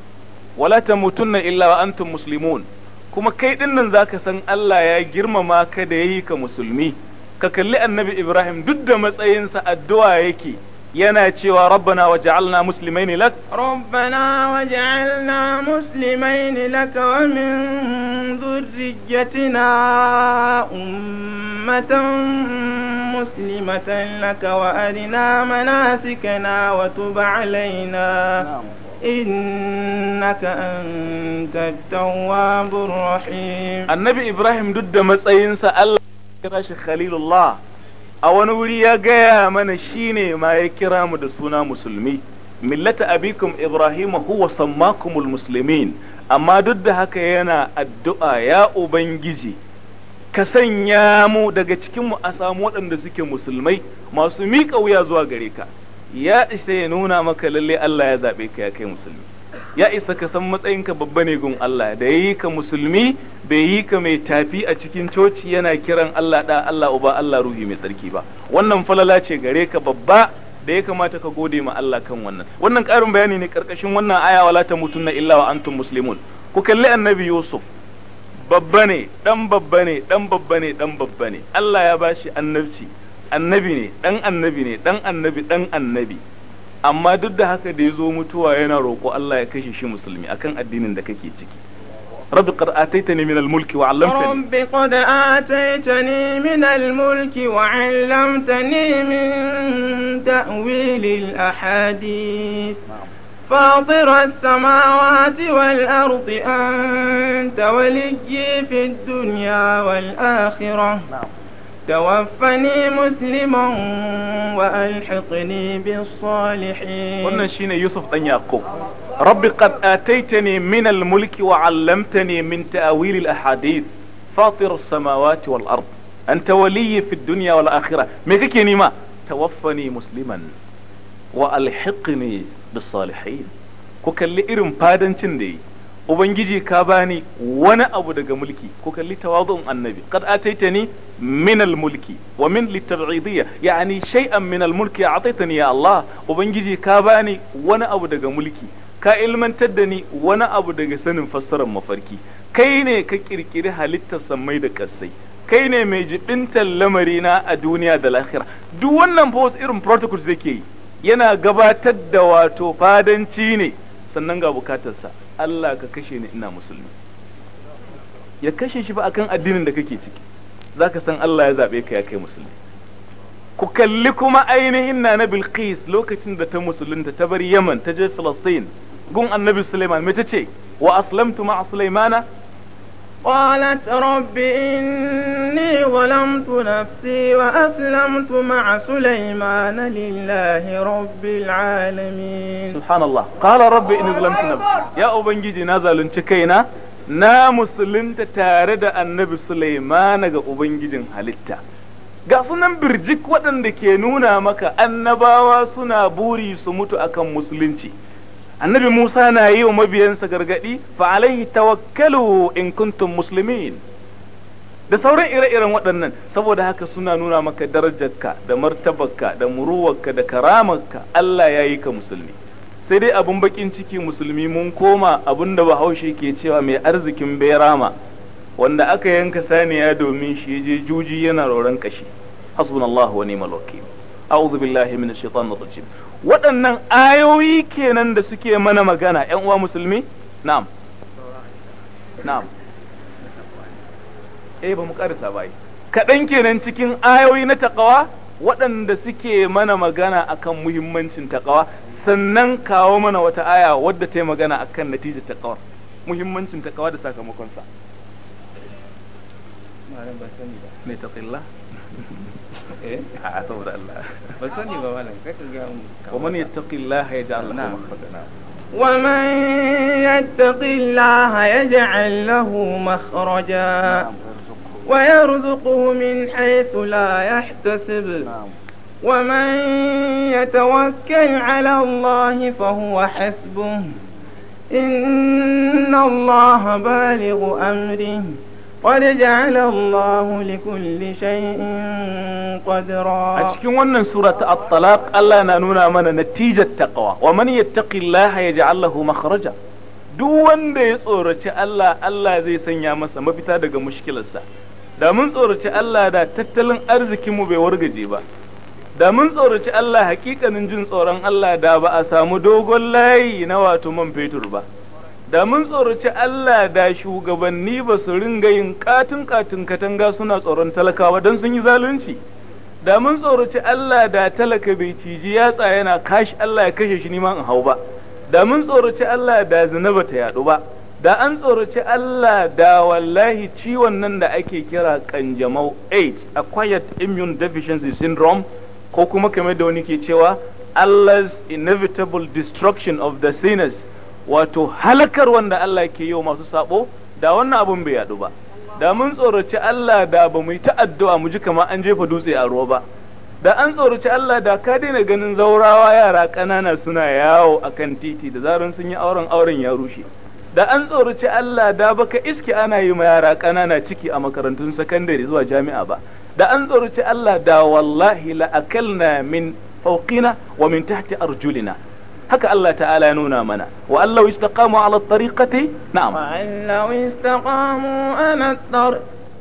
wala tamutunna illa wa antum muslimun kuma kai dinnan zaka san Allah ya girmama ka da yayi ka musulmi ka kalli annabi Ibrahim duk da matsayinsa addu'a yake yana cewa rabbana waj'alna muslimaini lak rabbana waj'alna muslimaini lak wa min dhurriyyatina ummatan muslimatan lak wa arina manasikana wa tub alaina إنك أنت tawwabur rahim annabi ibrahim dudda matsayinsa allah كراش shi khalilullah a wani wuri ya gaya mana shi ne ma ya kira mu da suna musulmi millata abikum ibrahim huwa sammakumul muslimin amma duk da haka yana addu'a ya ubangiji ka sanya mu daga cikinmu a samu waɗanda suke musulmai masu miƙa wuya zuwa gare ka ya isa ya nuna maka lalle Allah ya zaɓe ka ya kai musulmi ya isa ka san matsayinka babba ne gun Allah da yi ka musulmi bai yi ka mai tafi a cikin coci yana kiran Allah da Allah uba Allah ruhi mai tsarki ba wannan falala ce gare ka babba da ya kamata ka gode ma Allah kan wannan wannan karin bayani ne karkashin wannan aya wala ta na illa wa antum muslimun ku kalli annabi Yusuf babba ne dan babba ne dan babba ne dan babba ne Allah ya bashi annabci annabi ne dan annabi ne dan annabi dan annabi amma duk da haka da ya zo mutuwa yana roƙo Allah ya kashe shi musulmi akan addinin da kake ciki رب قد آتيتني من الملك وعلمتني min al آتيتني من 'allamtani min ta'wil تأويل الأحاديث فاطر السماوات والأرض أنت وليي في الدنيا والآخرة نعم. توفني مسلما وألحقني بالصالحين قلنا شين يوسف أن يعقوب رب قد آتيتني من الملك وعلمتني من تأويل الأحاديث فاطر السماوات والأرض أنت ولي في الدنيا والآخرة ميكك نيما توفني مسلما وألحقني بالصالحين كوكا كوكالي إرم بادن تندي ubangiji ka bani wani abu daga mulki ko kalli tawazu'un annabi qad ataitani min mulki wa min litar'idiyya yani shay'an min mulki ataitani ya Allah ubangiji ka bani wani abu daga mulki ka ilmantar da ni wani abu daga sanin fassarar mafarki kai ne ka kirkiri halittar sammai da kassai kai ne mai jibintar lamarina a duniya da lahira duk wannan fa wasu irin protocols yake yi yana gabatar da wato fadanci ne sannan ga bukatarsa Allah ka kashe ni ina musulmi ya kashe shi ba akan addinin da kake ciki za ka san Allah ya zaɓe ka ya kai musulmi ku kalli kuma ainihin na na Bilkis lokacin da ta musulunta ta bar Yaman ta je Filistin gun Annabi Suleiman ta ce wa aslamtu ma Suleimana. قالت رب إني ظلمت نفسي وأسلمت مع سليمان لله رب العالمين سبحان الله قال رب إني ظلمت نفسي يا أبنجي نزل كينا na musulunta tare da annabi Sulaimana ga Ubangijin halitta. Ga waɗanda ke nuna maka annabawa suna buri su mutu akan musulunci. annabi Musa na yi wa mabiyansa gargadi fa alaihi tawakkalu in kuntum muslimin da sauran ire-iren waɗannan saboda haka suna nuna maka darajarka da martabarka da muruwarka da karamarka Allah ya yi ka musulmi sai dai abun bakin ciki musulmi mun koma abun da bahaushe ke cewa mai arzikin berama wanda aka yanka saniya domin shi je juji yana roron kashi hasbunallahu wa ni'mal wakil a'udhu billahi minash shaitani rajim waɗannan ayoyi kenan da suke mana magana ƴan uwa musulmi na'am na'am eh ba mu karisa ba kaɗan kenan cikin ayoyi na taqwa waɗanda suke mana magana akan muhimmancin taqwa sannan kawo mana wata aya wadda ta yi magana akan natijar taqwa muhimmancin taqwa da sakamakonsa. sa. إيه؟ ومن يتق نعم. نعم. الله يجعل له مخرجا ومن يتق الله يجعل له مخرجا ويرزقه من حيث لا يحتسب نعم. ومن يتوكل على الله فهو حسبه إن الله بالغ أمره قد جعل الله لكل شيء قدرا أشكي ونن سورة الطلاق ألا نانونا من نتيجة wa ومن يتق الله يجعل له مخرجا duk wanda ya tsoraci Allah Allah zai sanya masa mafita daga mushkilarsa da mun tsoraci Allah da tattalin arzikinmu bai wargaje ba da mun tsoraci Allah hakikanin jin tsoron Allah da ba a samu dogon layi na wato man fetur ba da mun tsoraci Allah da shugabanni ba su ringa yin katin katin katanga suna tsoron talakawa don sun yi zalunci da mun tsoraci Allah da talaka bai ciji yatsa yana kashi Allah ya kashe shi nima in hau ba da mun tsoraci Allah da zina ba ta yaɗu ba da an tsoraci Allah da wallahi ciwon nan da ake kira kanjamau AIDS acquired immune deficiency syndrome ko kuma kamar da wani ke cewa Allah's inevitable destruction of the sinners wato halakar wanda Allah ke yi masu sabo da wannan abun bai yadu ba da mun tsoraci Allah da ba mu yi ta addu'a mu ji kamar an jefa dutse a ruwa ba da an tsoraci Allah da ka daina ganin zaurawa yara ƙanana suna yawo a kan titi da zaran sun yi auren auren ya rushe da an tsoraci Allah da baka iske ana yi ma yara ƙanana ciki a makarantun sakandare zuwa jami'a ba da an tsoraci Allah da wallahi la akalna min fawqina wa min tahti arjulina haka Allah ta'ala ya nuna mana wa Allah istaqamu ala tariqati na'am wa Allah istaqamu ala tar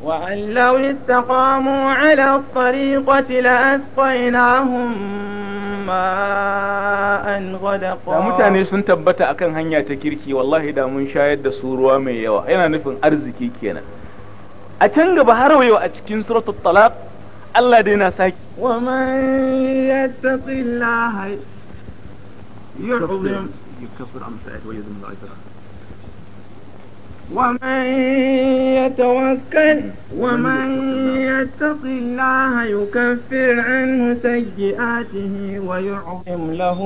wa Allah istaqamu ala tariqati la asqainahum ma'an ghadaqa da mutane sun tabbata akan hanya ta kirki wallahi da mun shayar da su ruwa mai yawa yana nufin arziki kenan a can gaba har wayo a cikin suratul talaq Allah dai na saki wa man yattaqillaha يعظم يكفر عن ومن يتوكل ومن نعم. يتق الله يكفر عنه سيئاته ويعظم له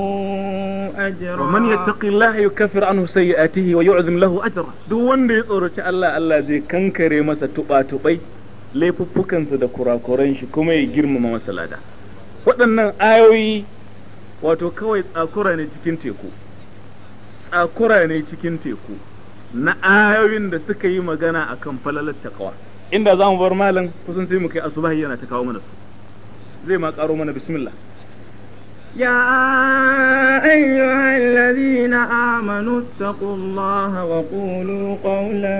أجرا ومن يتق الله يكفر عنه سيئاته ويعظم له أجرا دوان دي صورة الله الذي كان كريمة ستبقى تبقى ليفو بكنس كورنش كما يجرم ما مسلا دا آيوي wato kawai tsakura ne cikin teku tsakura ne cikin teku na ayoyin da suka yi magana a kan falalar takawa inda za mu bar malam kusan sai mu kai asubahi yana ta kawo mana su zai ma karo mana bismillah يا أيها الذين آمنوا اتقوا الله وقولوا قولا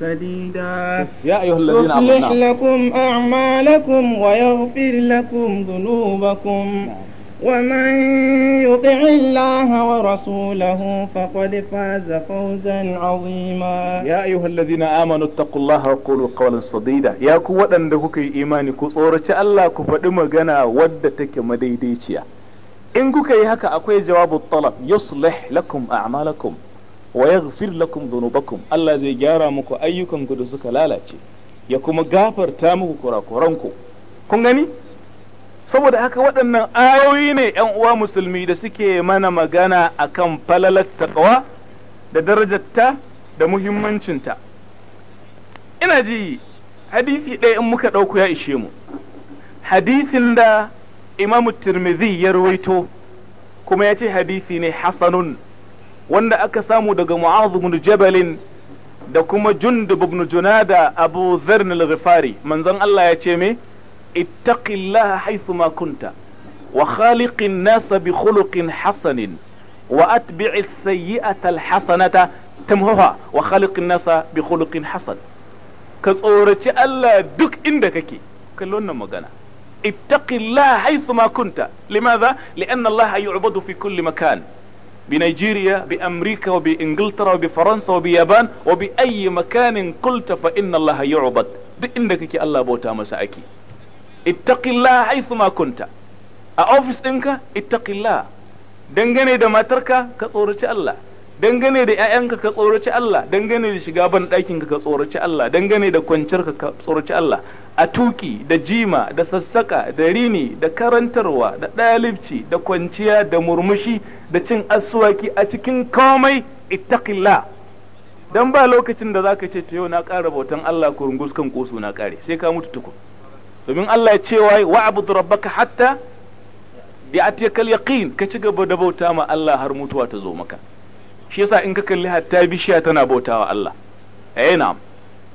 سديدا يا أيها الذين آمنوا يصلح لكم أعمالكم ويغفر لكم ذنوبكم ومن يطع الله ورسوله فقد فاز فوزا عظيما يا ايها الذين امنوا اتقوا الله وقولوا قولا سديدا يا ku waɗanda kuka yi imani ku tsoraci Allah ku faɗi magana wadda take madaidaiciya in kuka yi haka akwai jawabu talab yuslih lakum a'malakum wa yaghfir lakum dhunubakum Allah zai gyara muku ayyukan ku da suka lalace ya kuma gafarta muku kurakuranku kun gani saboda haka waɗannan ayoyi ne ‘yan uwa musulmi da suke mana magana a kan falalar taƙawa da darajarta da muhimmancinta ina ji hadisi ɗaya in muka ɗauku ya ishe mu hadisin da imamu tirmidhi ya ruwaito kuma ya ce hadisi ne hasanun wanda aka samu daga mu'azu bin jabalin da kuma jundub ibn junada abu zarnil ghifari manzon Allah ya ce me اتق الله حيثما كنت وخالق الناس بخلق حسن واتبع السيئة الحسنة تمهها وخالق الناس بخلق حسن كصورة الله دك عندك كلنا مغانا اتق الله حيثما كنت لماذا لان الله يعبد في كل مكان بنيجيريا بامريكا وبانجلترا وبفرنسا وبيابان وباي مكان قلت فان الله يعبد بانك الله بوتا مساكي ittaqillah haythu a ofis ɗinka ittaqillah dangane da matarka ka tsoraci Allah dangane da ƴaƴanka ka tsoraci Allah dangane da shiga ban ɗakinka ka tsoraci Allah dangane da kwanciyarka ka tsoraci Allah a tuki da jima da sassaka da rini da karantarwa da ɗalibci da kwanciya da murmushi da cin asuwaki a cikin komai ittaqillah dan ba lokacin da zaka ce to yau na ƙara bautan Allah ko kan kosu na ƙare sai ka mutu tukun domin Allah ya ce cewa wa'budu rabbaka hatta bi bi'atiyakal yaqin ka ci gaba da bauta ma Allah har mutuwa ta zo maka shi yasa in ka kalli hatta bishiya tana bauta wa Allah eh na'am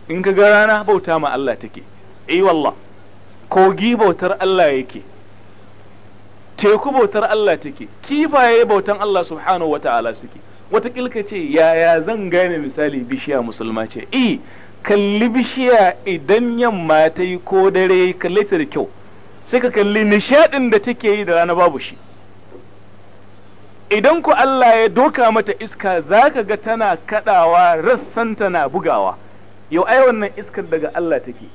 in ka ga rana bauta ma Allah take eh wallah kogi bautar Allah yake teku bautar Allah take kifaye bautan Allah subhanahu wata'ala suke wata kilka ce yaya zan gane misali bishiya musulma ce eh kalli bishiya idan yamma ta yi ko dare kalli ta da kyau sai ka kalli nishaɗin da take yi da rana babu shi idan ku Allah ya doka mata iska za ka ga tana kaɗawa rassanta na bugawa yau ai wannan iskar daga Allah take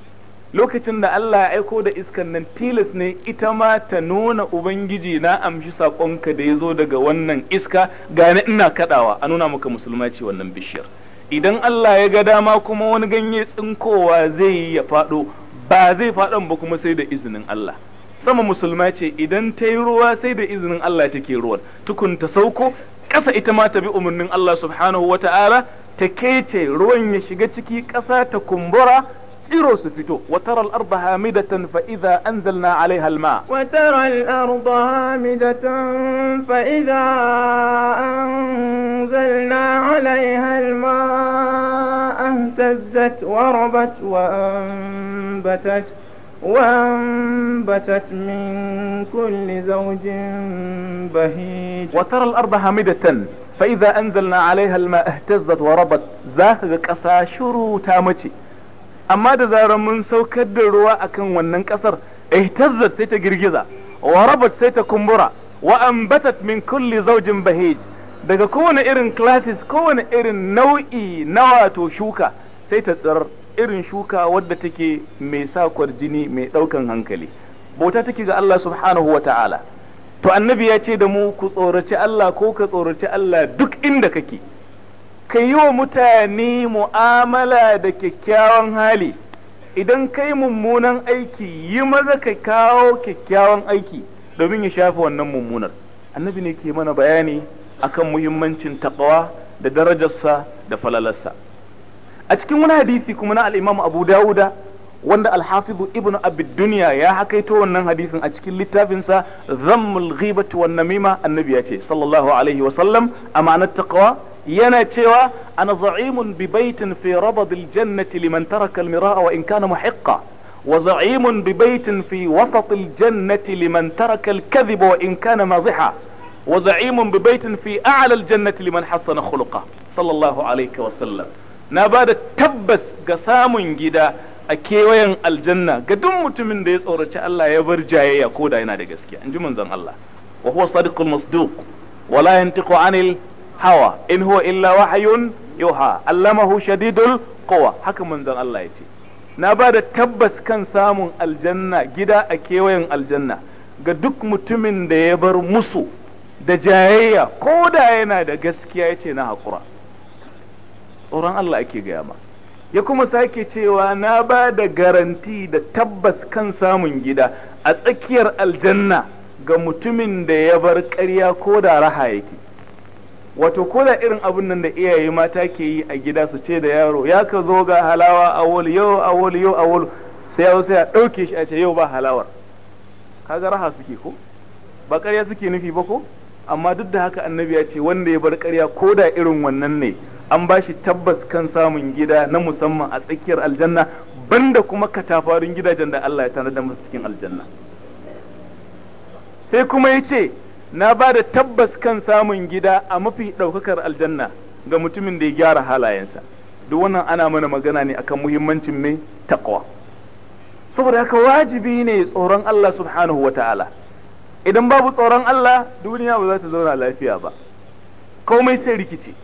lokacin da Allah ya aiko da iskar nan tilas ne ita ma ta nuna ubangiji na amshi sakonka da ya zo daga wannan iska gane ina kaɗawa a nuna maka musulma wannan bishiyar idan Allah ya ga dama kuma wani ganye tsinkowa zai yi ya faɗo ba zai faɗan ba kuma sai da izinin Allah sama musulma ce idan ta yi ruwa sai da izinin Allah take ruwan tukun ta sauko ƙasa ita ma ta bi umarnin Allah subhanahu wa ta'ala ta kece ruwan ya shiga ciki ƙasa ta kumbura إيروس فيتو وترى الأرض هامدة فإذا أنزلنا عليها الماء وترى الأرض هامدة فإذا أنزلنا عليها الماء اهتزت وربت وأنبتت وانبتت من كل زوج بهيج وترى الارض هامدة فاذا انزلنا عليها الماء اهتزت وربت زاهق كسا شرو تامتي amma da zarar mun saukar da ruwa akan wannan kasar ihtazzat sai ta girgiza wa rabat sai ta kumbura wa ambatat min kulli zawjin bahij daga kowane irin classes kowane irin nau'i na wato shuka sai ta tsirar irin shuka wadda take mai sakwar jini mai daukan hankali bauta take ga Allah subhanahu wa ta'ala to annabi ya ce da mu ku tsoraci Allah ko ka tsoraci Allah duk inda kake ka yi wa mutane mu'amala da kyakkyawan hali idan kai mummunan aiki yi maza ka kawo kyakkyawan aiki domin ya shafi wannan mummunar annabi ne ke mana bayani akan muhimmancin taqwa da darajarsa da falalarsa a cikin wani hadisi kuma na alimam Abu Dawuda wanda alhafizu Ibn abid duniya ya hakaito wannan hadisin a cikin littafinsa Dhammul Ghibati wan Namima annabi ya ce sallallahu alaihi wa sallam amanat taqwa yana cewa ana za'imun bi baitin fi rabadil jannati liman taraka almira'a wa in kana muhiqqa wa za'imun bi baitin fi wasatil jannati liman taraka alkadhiba wa in kana maziha wa za'imun bi baitin fi a'la aljannati liman hassana khuluqa sallallahu alaihi wa sallam na bada tabbas ga samun gida a kewayen aljanna ga duk mutumin da ya tsoraci Allah ya bar jayayya ko da yana da gaskiya in ji manzon Allah wa huwa sadiqul masduq wa la yantiqu anil hawa in huwa illa wahayun yuha allamahu shadidul quwa haka manzon Allah ya ce na ba da tabbas kan samun aljanna gida a kewayen aljanna ga duk mutumin da ya bar musu da jayayya ko da yana da gaskiya ya ce na haƙura tsoron Allah ake gaya ma ya kuma sake cewa na ba da garanti da tabbas kan samun gida a tsakiyar aljanna ga mutumin da ya bar ƙarya ko da raha yake wato ko da irin abin nan da iyaye mata ke yi a gida su ce da yaro ya ka zo ga halawa a wal yau a wal yau a wal sai yau sai a ɗauke shi a ce yau ba halawar kaga raha suke ko ba ƙarya suke nufi ba ko amma duk da haka annabi ya ce wanda ya bar ƙarya ko da irin wannan ne an ba shi tabbas kan samun gida na musamman a tsakiyar aljanna banda kuma katafarin gidajen da Allah ya da masa cikin aljanna sai kuma ya ce na ba da tabbas kan samun gida a mafi ɗaukakar aljanna ga mutumin da ya gyara halayensa duk wannan ana mana magana ne akan muhimmancin mai takwa saboda haka wajibi ne tsoron Allah subhanahu wa ta'ala idan babu tsoron Allah duniya ba za ta zauna lafiya ba komai sai rikici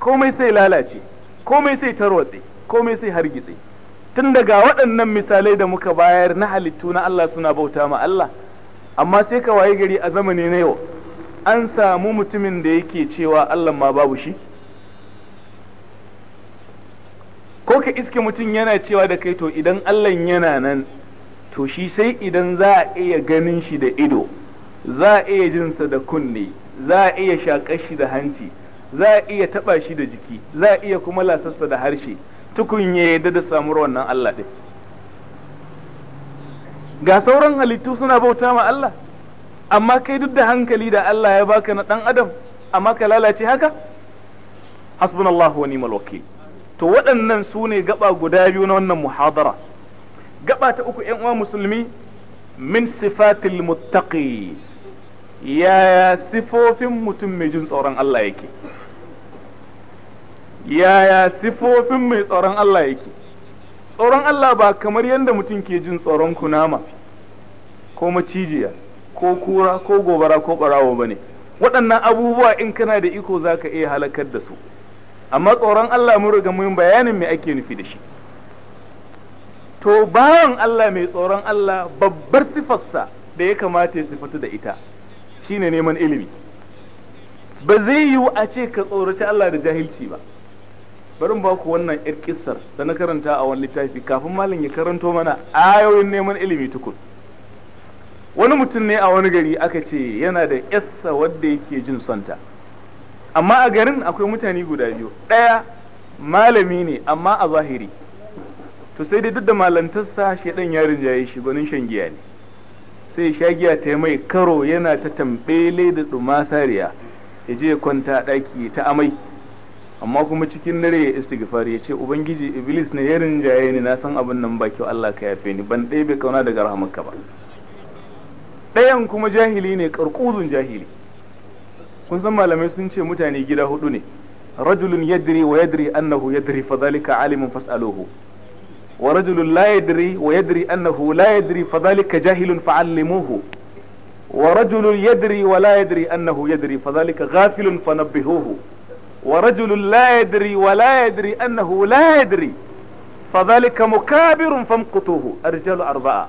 komai sai lalace komai sai tarwatse komai sai hargitse tun daga waɗannan misalai da muka bayar na halittu na Allah suna bauta ma Allah amma sai ka waye gari a zamani na yau an samu mutumin da yake cewa Allah ma babu shi ko ka iske mutum yana cewa da kai to idan Allah yana nan to shi sai idan za a iya ganin shi da ido za a iya jinsa da kunne za a iya shakar shi da hanci za a iya taba shi da jiki za a iya kuma lasarsa da harshe tukun ya yarda da samuwar wannan Allah ɗin ga sauran halittu suna bauta ma Allah amma kai duk da hankali da Allah ya baka na dan adam amma ka lalace haka hasbunallahu wa ni'mal wakil to waɗannan su ne gaba guda biyu na wannan muhadara gaba ta uku ƴan uwa musulmi min sifatil muttaqi yaya sifofin mutum mai jin tsoron Allah yake yaya sifofin mai tsoron Allah yake tsoron Allah ba kamar yadda mutum ke jin tsoron kunama ko macijiya ko kura ko gobara ko ba ne. waɗannan abubuwa in kana da iko za ka iya halakar da su amma tsoron Allah mun riga mun bayanin me ake nufi da shi to bawan Allah mai tsoron Allah babbar sifarsa da ya kamata ya sifatu da ita shine neman ilimi ba zai yiwu a ce ka tsoraci Allah da jahilci ba bari ba ku wannan yar kissar da na karanta a wani littafi kafin malam ya karanto mana ayoyin neman ilimi tukun wani mutum ne a wani gari aka ce yana da yassa wadda yake jin santa amma a garin akwai mutane guda biyu ɗaya malami ne amma a zahiri to sai dai duk da malantarsa shedan ya jaye shi gwanin shan giya ne sai giya ta mai karo yana ta tambele da dumasariya ya je kwanta ɗaki ta amai amma kuma cikin dare ya istighfar ya ce ubangiji iblis ne ya rinjaye ni na san abin nan ba kyau Allah ka yafe ni ban ɗaya bai kauna daga rahamarka ba ɗayan kuma jahili ne karkuzun jahili kun san malamai sun ce mutane gida hudu ne rajulun yadri wa yadri annahu yadri fa zalika alimun fas'aluhu wa rajulun la yadri wa yadri annahu la yadri fa zalika jahilun fa'allimuhu wa rajulun yadri wa la yadri annahu yadri fa zalika ghafilun fanabbihuhu ورجل لا يدري ولا يدري أنه لا يدري فذلك مكابر فامقطوه الرجال أربعة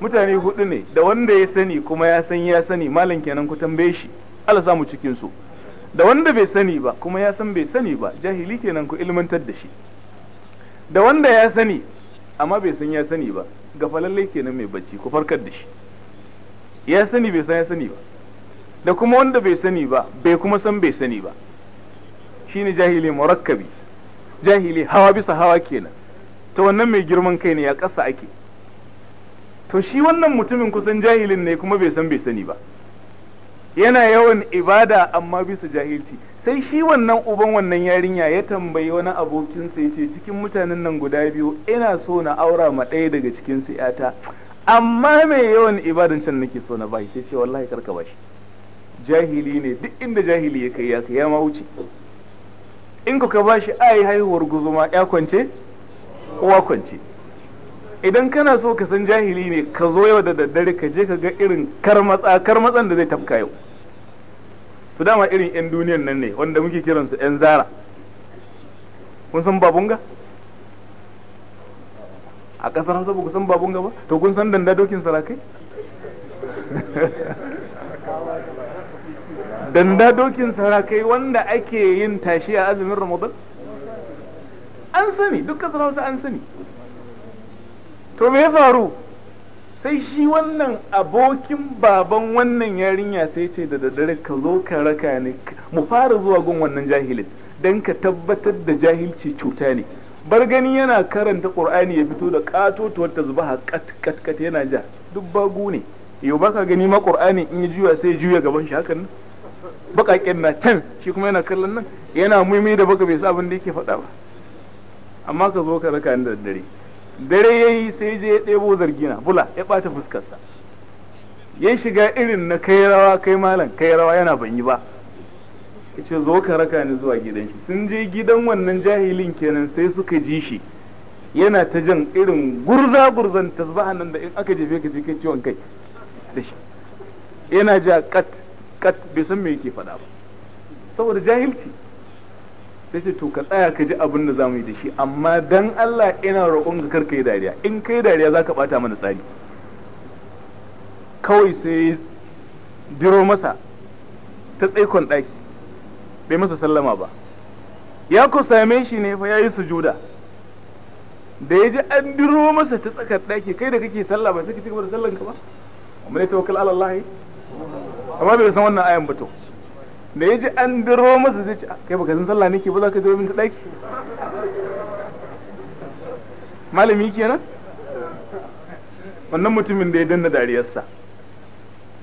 mutane hudu ne da wanda ya sani kuma ya san ya sani malam kenan ku tambaye shi Allah samu cikin su da wanda bai sani ba kuma ya san bai sani ba jahili kenan ku ilmantar da shi da wanda ya sani amma bai san ya sani ba gafalalle kenan mai bacci ku farkar da shi ya sani bai san ya sani ba da kuma wanda bai sani ba bai kuma san bai sani ba shine jahili murakkabi jahili hawa bisa hawa kenan to wannan mai girman kai ne ya ƙasa ake to shi wannan mutumin kusan jahilin ne kuma bai san bai sani ba yana yawan ibada amma bisa jahilci sai shi wannan uban wannan yarinya ya tambayi wani abokinsa ya ce cikin mutanen nan guda biyu ina so na aura ma ɗaya daga cikin su yata amma mai yawan ibadan can nake so na bashi sai ce wallahi karka bashi jahili ne duk inda jahili ya kai ya kai ya ma wuce in ku ka bashi ai haihuwar guzuma ya kwance uwa kwance idan kana so ka san jahili ne ka zo yau da daddare ka je ka ga irin karmatsa karmatsan da zai tafka yau to dama irin yan duniyan nan ne wanda muke kiransu yan zara kun san babunga a ƙasar hausa ba ku san babunga ba to kun san danda dokin sarakai danda dokin sarakai wanda ake yin tashi a azumin ramadan an sani duk kasar wasu an sani to me ya faru sai shi wannan abokin baban wannan yarinya sai ce da daddare ka zo ka raka ne mu fara zuwa gun wannan jahilin don ka tabbatar da jahilci cuta ne bar gani yana karanta qur'ani ya fito da katotuwar ta zuba kat kat yana ja duk bagu ne yau baka gani ma qur'ani in ya juya sai juya gaban shi hakan bakaƙen na can shi kuma yana kallon nan yana muhimmi da baka bai sa abin da yake faɗa ba amma ka zo ka raka da dare dare ya yi sai je ya ɗebo zargina bula ya ɓata fuskarsa ya shiga irin na kai rawa kai malam kai rawa yana ban yi ba ya ce zo ka raka ni zuwa gidan shi sun je gidan wannan jahilin kenan sai suka ji shi yana ta jan irin gurza gurzan tasbahan nan da in aka jefe ka sai kai ciwon kai da shi yana ji a kat bai san me yake faɗa ba saboda jahilci sai ce to ka tsaya ka ji abin da zamu yi da shi amma dan Allah ina roƙon ka karka yi dariya in kai dariya zaka bata mana tsari kawai sai diro masa ta tsaikon ɗaki bai masa sallama ba ya ku same shi ne fa yayi sujuda da ya ji an diro masa ta tsakar ɗaki kai da kake sallah ba sai ka ci gaba da sallan ka ba amma ne tawakkal Allah amma bai san wannan ayan ba to da ya ji an diro masa zai ce ah, kai baka san sallah nake ba za ka zo min daki malami kenan wannan mutumin da ya danna dariyarsa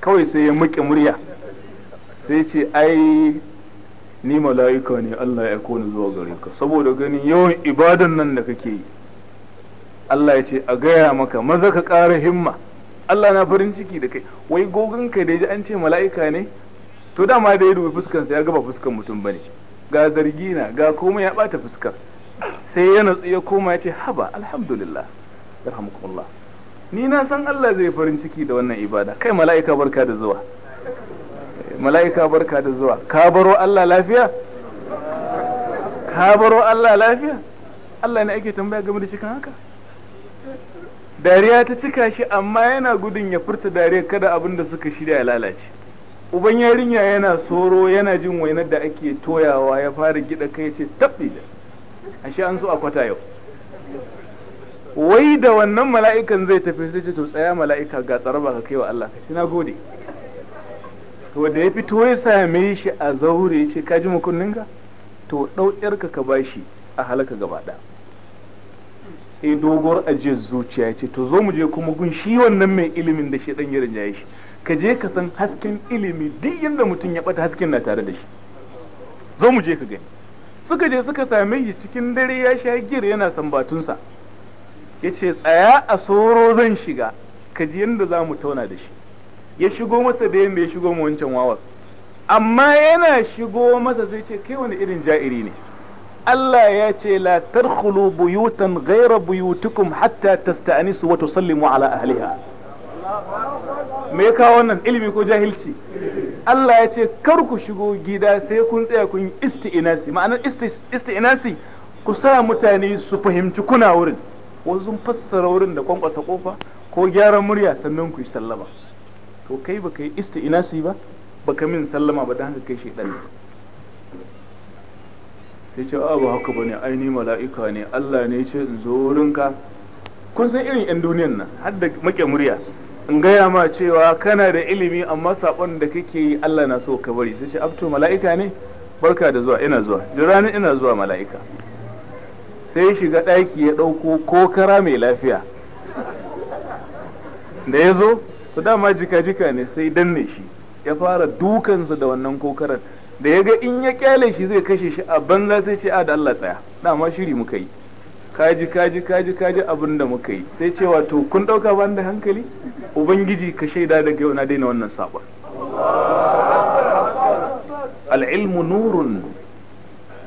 kawai sai ya muke murya sai ce ai ni mala'ika ne Allah ya kone zuwa gare ka saboda ganin yawan ibadan nan da kake yi Allah ya ce a gaya maka maza ka ƙara himma Allah na farin ciki da kai wai gogon kai da ji an ce mala'ika ne to dama da ya dubi fuskan sa ya gaba fuskan mutum bane ga zargi na ga komai ya bata fuskar sai ya natsu ya koma ya ce haba alhamdulillah yarhamukumullah ni na san Allah zai farin ciki da wannan ibada kai mala'ika barka da zuwa mala'ika barka da zuwa ka baro Allah lafiya ka baro Allah lafiya Allah ne ake tambaya game da cikin haka dariya ta cika shi amma yana gudun ya furta dariya kada abin da suka shirya ya lalace uban yarinya yana soro yana jin wainar da ake toyawa ya fara gida kai ce tabbi da ashe an so a kwata yau wai da wannan mala'ikan zai tafi sai ce to tsaya mala'ika ga tsaraba ka kai wa Allah ka na gode to da ya fito ya same shi a zaure ya ce ka ji mukunninka to ɗau ka bashi a halaka gaba ɗaya sai eh, doguwar ajiyar zuciya ce to zo mu je kuma gun shi wannan mai ilimin da shedan ya rinjaye shi ka je ka san hasken ilimi duk yanda mutum ya bata hasken na tare da shi zo mu je ka gani suka je suka same shi cikin dare ya sha gir yana sambatunsa ya ce tsaya a soro zan shiga ka ji yadda za mu tauna da shi ya shigo masa da yadda ya shigo mu wancan wawar amma yana shigo masa sai ce kai wani irin ja'iri ne Allah ya ce la tarkhulu buyutan ghayra buyutikum hatta tasta'nisu wa tusallimu ala ahliha me ya kawo wannan ilimi ko jahilci Allah ya ce kar ku shigo gida sai kun tsaya kun yi isti'nasi ma'anar isti'nasi ku sa mutane su fahimci kuna wurin wasu sun fassara wurin da kwankwasa kofa ko gyaran murya sannan ku yi sallama to kai baka yi isti'nasi ba baka min sallama ba dan haka kai shedan ne sai ce a ah, ba haka bane aini mala'ika ne Allah ne ce in zo wurinka kun san irin yan duniyan nan har da make murya in gaya ma cewa kana da ilimi amma sabon da kake yi Allah na so ka bari sai ce abto mala'ika ne barka da zuwa ina zuwa jiranin ina zuwa mala'ika sai shiga ɗaki ya ɗauko kokara mai lafiya da ya zo su dama jika-jika ne sai danne shi ya fara dukansa da wannan kokarar da ya ga in ya kyale shi zai kashe shi a banza sai ce a da Allah tsaya dama shiri muka yi kaji kaji kaji kaji abin da muka yi sai ce wato kun dauka ban da hankali ubangiji ka shaida daga yau na daina wannan saba al'ilmu nurun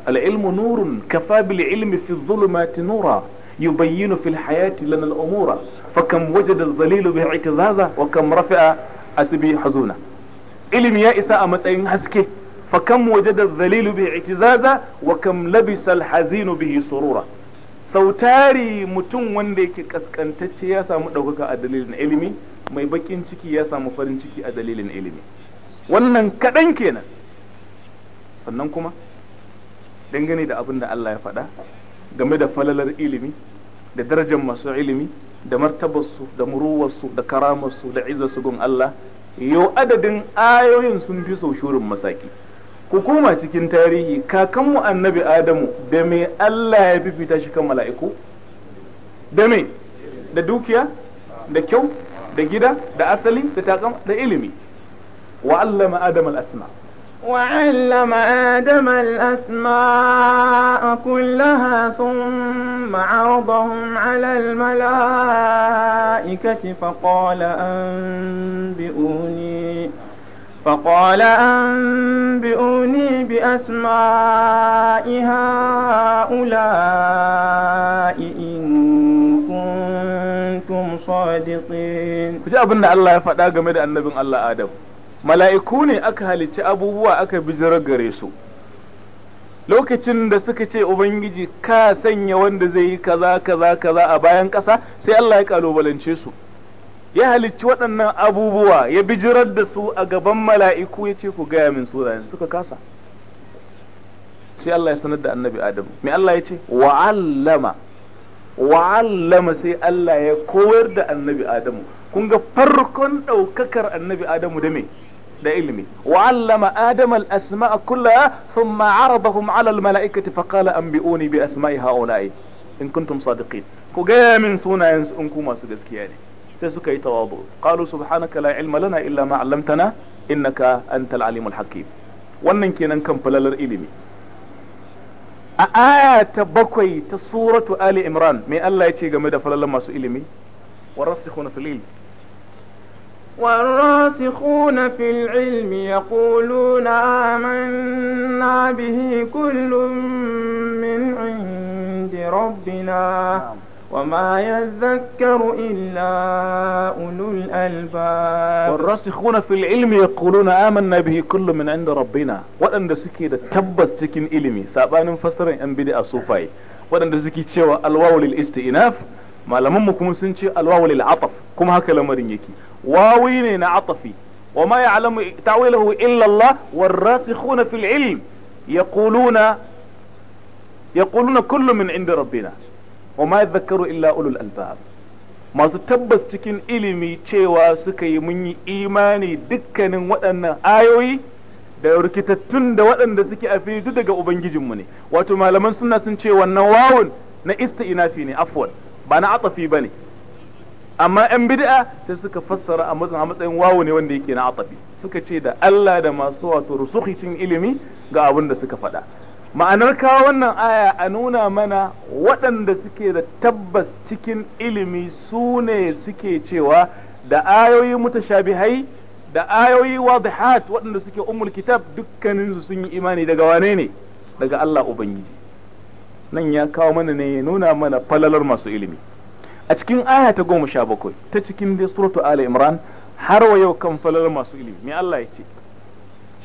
al'ilmu nurun kafa bil ilmi fi dhulumati nura yubayyinu fil hayati lana al-umura waje da zalilu dhalilu bi i'tizaza wa kam rafa'a asbi hazuna ilimi ya isa a matsayin haske fa وجد الذليل به اعتزازا i'tizaza wa الحزين labisa سرورا bihi surura sautari mutum wanda yake kaskantacce ya samu ɗaukaka a dalilin ilimi mai baƙin ciki ya samu farin ciki a dalilin ilimi wannan kaɗan kenan sannan kuma dangane da abin da Allah ya faɗa game da falalar ilimi da darajar masu ilimi da martabarsu da muruwarsu da karamarsu da izarsu gun Allah yau adadin ayoyin sun fi sau shurin masaki ku koma cikin tarihi kakanmu annabi adamu da me Allah ya fifita shi kan mala'iku da me da dukiya da kyau da gida da asali da takam da ilimi wa allama adam al-asma وعلم آدم الأسماء كلها ثم عرضهم على الملائكة فقال أنبئوني فقال أنبئوني بأسماء هؤلاء إن كنتم صادقين كجاء أبنى الله يفتح أقام دا النبي الله آدم ملائكوني أكهل تأبوا أكا بجر غريسو lokacin da suka ce ubangiji ka sanya wanda zai yi kaza kaza kaza a bayan ƙasa sai Allah ya kalubalance su ya halicci waɗannan abubuwa ya bijirar da su a gaban mala'iku ya ce ku gaya min sunayen suka kasa sai Allah ya sanar da annabi Adamu mai Allah ya ce wa'allama wa'allama sai Allah ya koyar da annabi Adamu kun ga farkon ɗaukakar annabi Adamu da me da ilimi wa'allama Adam al-asma'a kullaha thumma 'aradahum 'ala al-mala'ikati fa qala anbi'uni bi asma'i ha'ula'i in kuntum sadiqin ku gaya min sunayen su in ku masu gaskiya ne sai suka yi tawadu qalu subhanaka la ilma lana illa ma 'allamtana innaka antal alimul hakim wannan kenan kan falalar ilimi a aya ta bakwai ta suratu ali imran me Allah ya ce game da falalar masu ilimi warasikhuna fil ilmi والراسخون في العلم يقولون آمنا به كل من عند ربنا وما يذكر إلا أولو الألباب والراسخون في العلم يقولون آمنا به كل من عند ربنا وأن سكي دا تبت سكين إلمي سابان فسرين أن بدأ صوفاي وأن سكي تشوى الواو للإستئناف ما لم سنشي الواو للعطف كم هكا لمرين يكي واوينين وما يعلم تعويله إلا الله والراسخون في العلم يقولون يقولون كل من عند ربنا wa ma yadhakkaru illa ulul albab masu tabbas cikin ilimi cewa suka yi mun yi imani dukkanin waɗannan ayoyi da rikitattun da waɗanda suke a fili daga ubangijinmu ne wato malaman suna sun ce wannan wawun na ista fi ne afwan ba na atafi bane amma yan bid'a sai suka fassara a matsayin wawu ne wanda yake na atafi suka ce da Allah da masu wato cikin ilimi ga abin da suka faɗa ma'anar kawo wannan aya a nuna mana waɗanda suke da tabbas cikin ilimi su ne suke cewa da ayoyi mutashabihai da ayoyi wadihat waɗanda suke umul kitab dukkaninsu sun yi imani daga wane ne daga Allah ubangiji nan ya kawo mana ne ya nuna mana falalar masu ilimi a cikin aya ta goma sha bakwai ta cikin dai suratu ala imran har wa yau kan falalar masu ilimi me Allah ya ce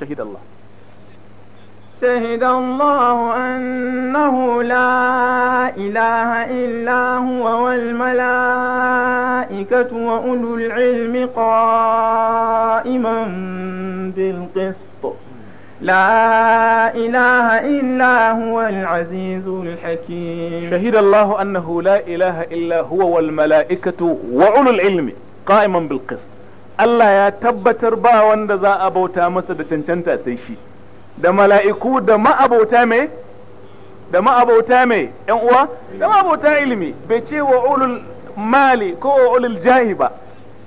shahid Allah شهد الله أنه لا إله إلا هو والملائكة وأولو العلم قائما بالقسط لا إله إلا هو العزيز الحكيم شهد الله أنه لا إله إلا هو والملائكة وأولو العلم قائما بالقسط الله يا تبتر باوان وند ذا أبوتا مسد تنشنتا سيشي da mala'iku da ma'abauta mai da ma'abauta mai ‘yan uwa da ma'abauta ilimi bai ce wa ulul mali ko wa ulul jahi ba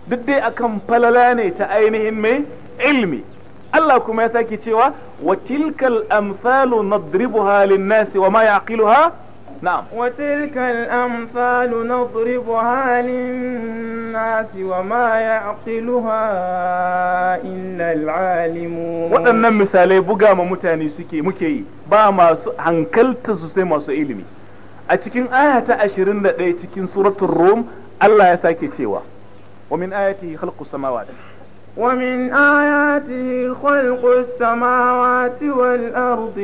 duk dai akan falala ne ta ainihin mai ilmi Allah kuma ya sake cewa wa tilkal amsalu nadribuha lin nasi wa ma yaqiluha نعم وتلك الأمثال نضربها للناس وما يعقلها إلا العالمون waɗannan misalai buga ma mutane suke muke yi ba masu hankalta su masu ilimi a cikin aya ta 21 cikin suratul rum Allah ya sake cewa wa min ayatihi samawati ومن آياته خلق السماوات والأرض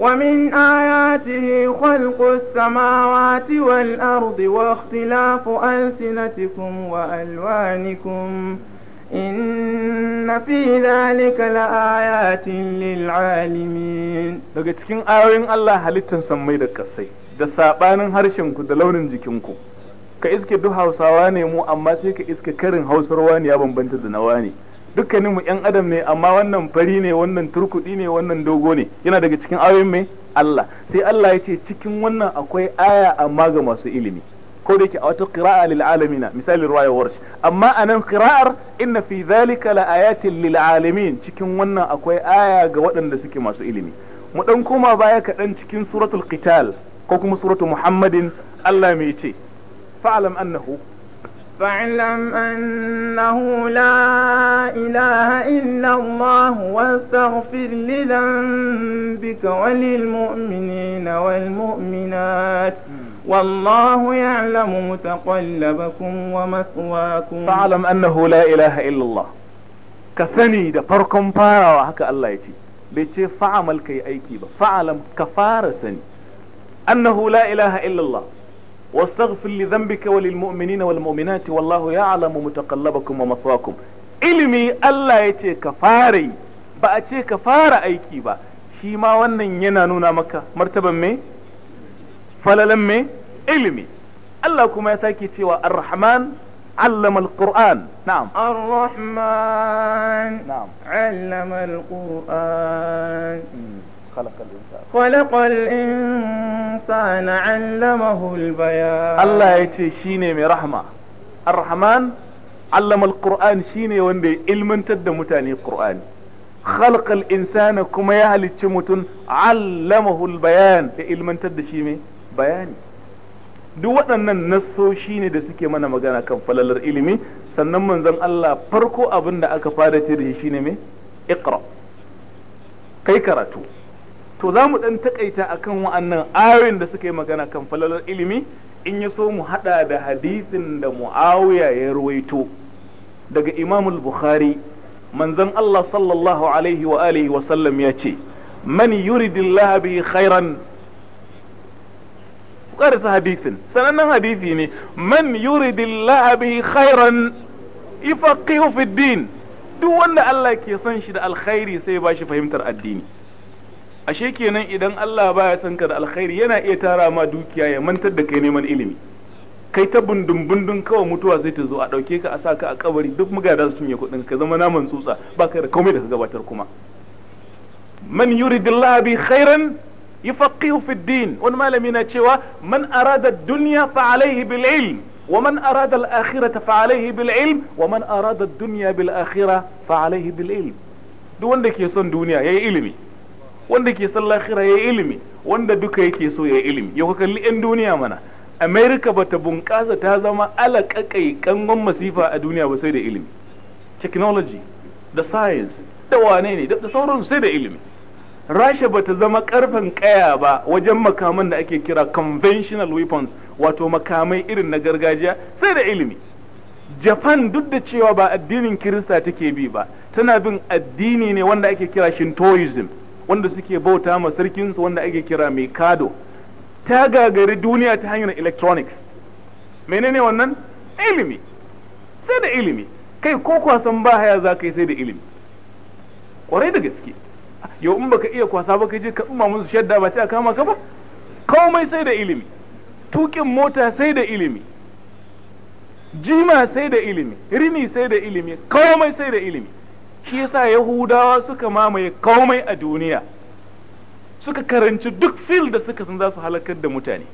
ومن آياته خلق السماوات والأرض واختلاف ألسنتكم وألوانكم إن في ذلك لآيات للعالمين daga cikin ayoyin Allah halittan sammai da kasai da saɓanin harshenku da launin jikinku ka iske duk Hausawa ne mu amma sai ka iske karin Hausarwa ne ya bambanta da nawa ne dukkanin mu yan adam ne amma wannan fari ne wannan turkudi ne wannan dogo ne yana daga cikin ayoyin mai Allah sai Allah ya ce cikin wannan akwai aya amma ga masu ilimi ko da yake a wata qira'a lil alamin misali ruwaya warsh amma anan qira'ar inna fi dhalika la ayatin lil alamin cikin wannan akwai aya ga waɗanda suke masu ilimi mu dan koma baya kaɗan cikin suratul qital ko kuma suratul muhammadin Allah mai ce fa'lam annahu فاعلم أنه لا إله إلا الله واستغفر لذنبك وللمؤمنين والمؤمنات والله يعلم متقلبكم ومثواكم فاعلم أنه لا إله إلا الله كثني ده فارا وحكا الله يتي بيتي فعمل كي أيكي فاعلم كفار أنه لا إله إلا الله واستغفر لذنبك وللمؤمنين والمؤمنات والله يعلم متقلبكم ومثواكم ilimi Allah ya ce ka fara yi ba a ce ka fara aiki ba shi ma wannan yana nuna maka martaban me falalan me ilimi Allah kuma ya sake cewa ar-rahman allama al-qur'an na'am ar-rahman na'am allama al-qur'an خلق الإنسان خلق الإنسان علمه البيان الله يتي شيني من رحمة الرحمن علم القرآن شيني وندي علم تد متاني القرآن خلق الإنسان كما يهل متن علمه البيان علم تد شيني بياني duk waɗannan nassoshi ne da suke mana magana kan falalar ilimi sannan manzon Allah farko abin da aka fara ce da shi shine me iqra kai karatu to za mu ɗan takaita akan wa'annan ayoyin da suka yi magana kan falalar ilimi in ya so mu haɗa da hadisin da mu'awiya ya ruwaito daga imamul bukhari manzan Allah sallallahu alaihi wa alihi wa sallam ya ce man yuridillahu bihi khairan ƙarsa hadisin sanannen hadisi ne man yuridillahu bihi khairan yufaqihu fid din duk wanda Allah ke son shi da alkhairi sai ba shi fahimtar addini ashe kenan idan Allah baya son ka da alkhairi yana iya tara ma dukiya ya mantar da kai neman ilimi kai ta bundun bundun kawai mutuwa sai ta zo a dauke ka a sa ka a kabari duk magada su cinye kuɗin ka zama naman tsutsa ba kai da komai da ka gabatar kuma man yuridillah bi khairan yufaqihu fi din wani malami na cewa man arada dunya fa alaihi bil ilm wa man arada al akhirata fa alaihi bil ilm wa man arada dunya bil akhirah fa alaihi bil ilm duk wanda ke son duniya yayi ilimi wanda ke son lahira ya ilimi wanda duka yake so ya ilimi yau kalli 'yan duniya mana amerika ba ta bunƙasa ta zama alaƙaƙai kangon masifa a duniya ba sai da ilimi technology da science da wane ne da sauran sai da ilimi rasha ba ta zama karfin ƙaya ba wajen makaman da ake kira conventional weapons wato makamai irin na gargajiya sai da ilimi japan duk da cewa ba addinin kirista take bi ba tana bin addini ne wanda ake kira shintoism wanda suke bauta ma sarkinsu wanda ake kira mai kado ta gagari duniya ta hanyar electronics menene wannan ilimi sai da ilimi kai ko kwasan ba za ka yi sai da ilimi kwarai da gaske yau in baka iya kwasa ba ka je ka umma musu shadda ba sai a kama ka ba komai sai da ilimi tukin mota sai da ilimi jima sai da ilimi rini sai da ilimi komai sai da ilimi shi yasa yahudawa suka mamaye komai a duniya suka karanci duk fil da suka san za su halakar da mutane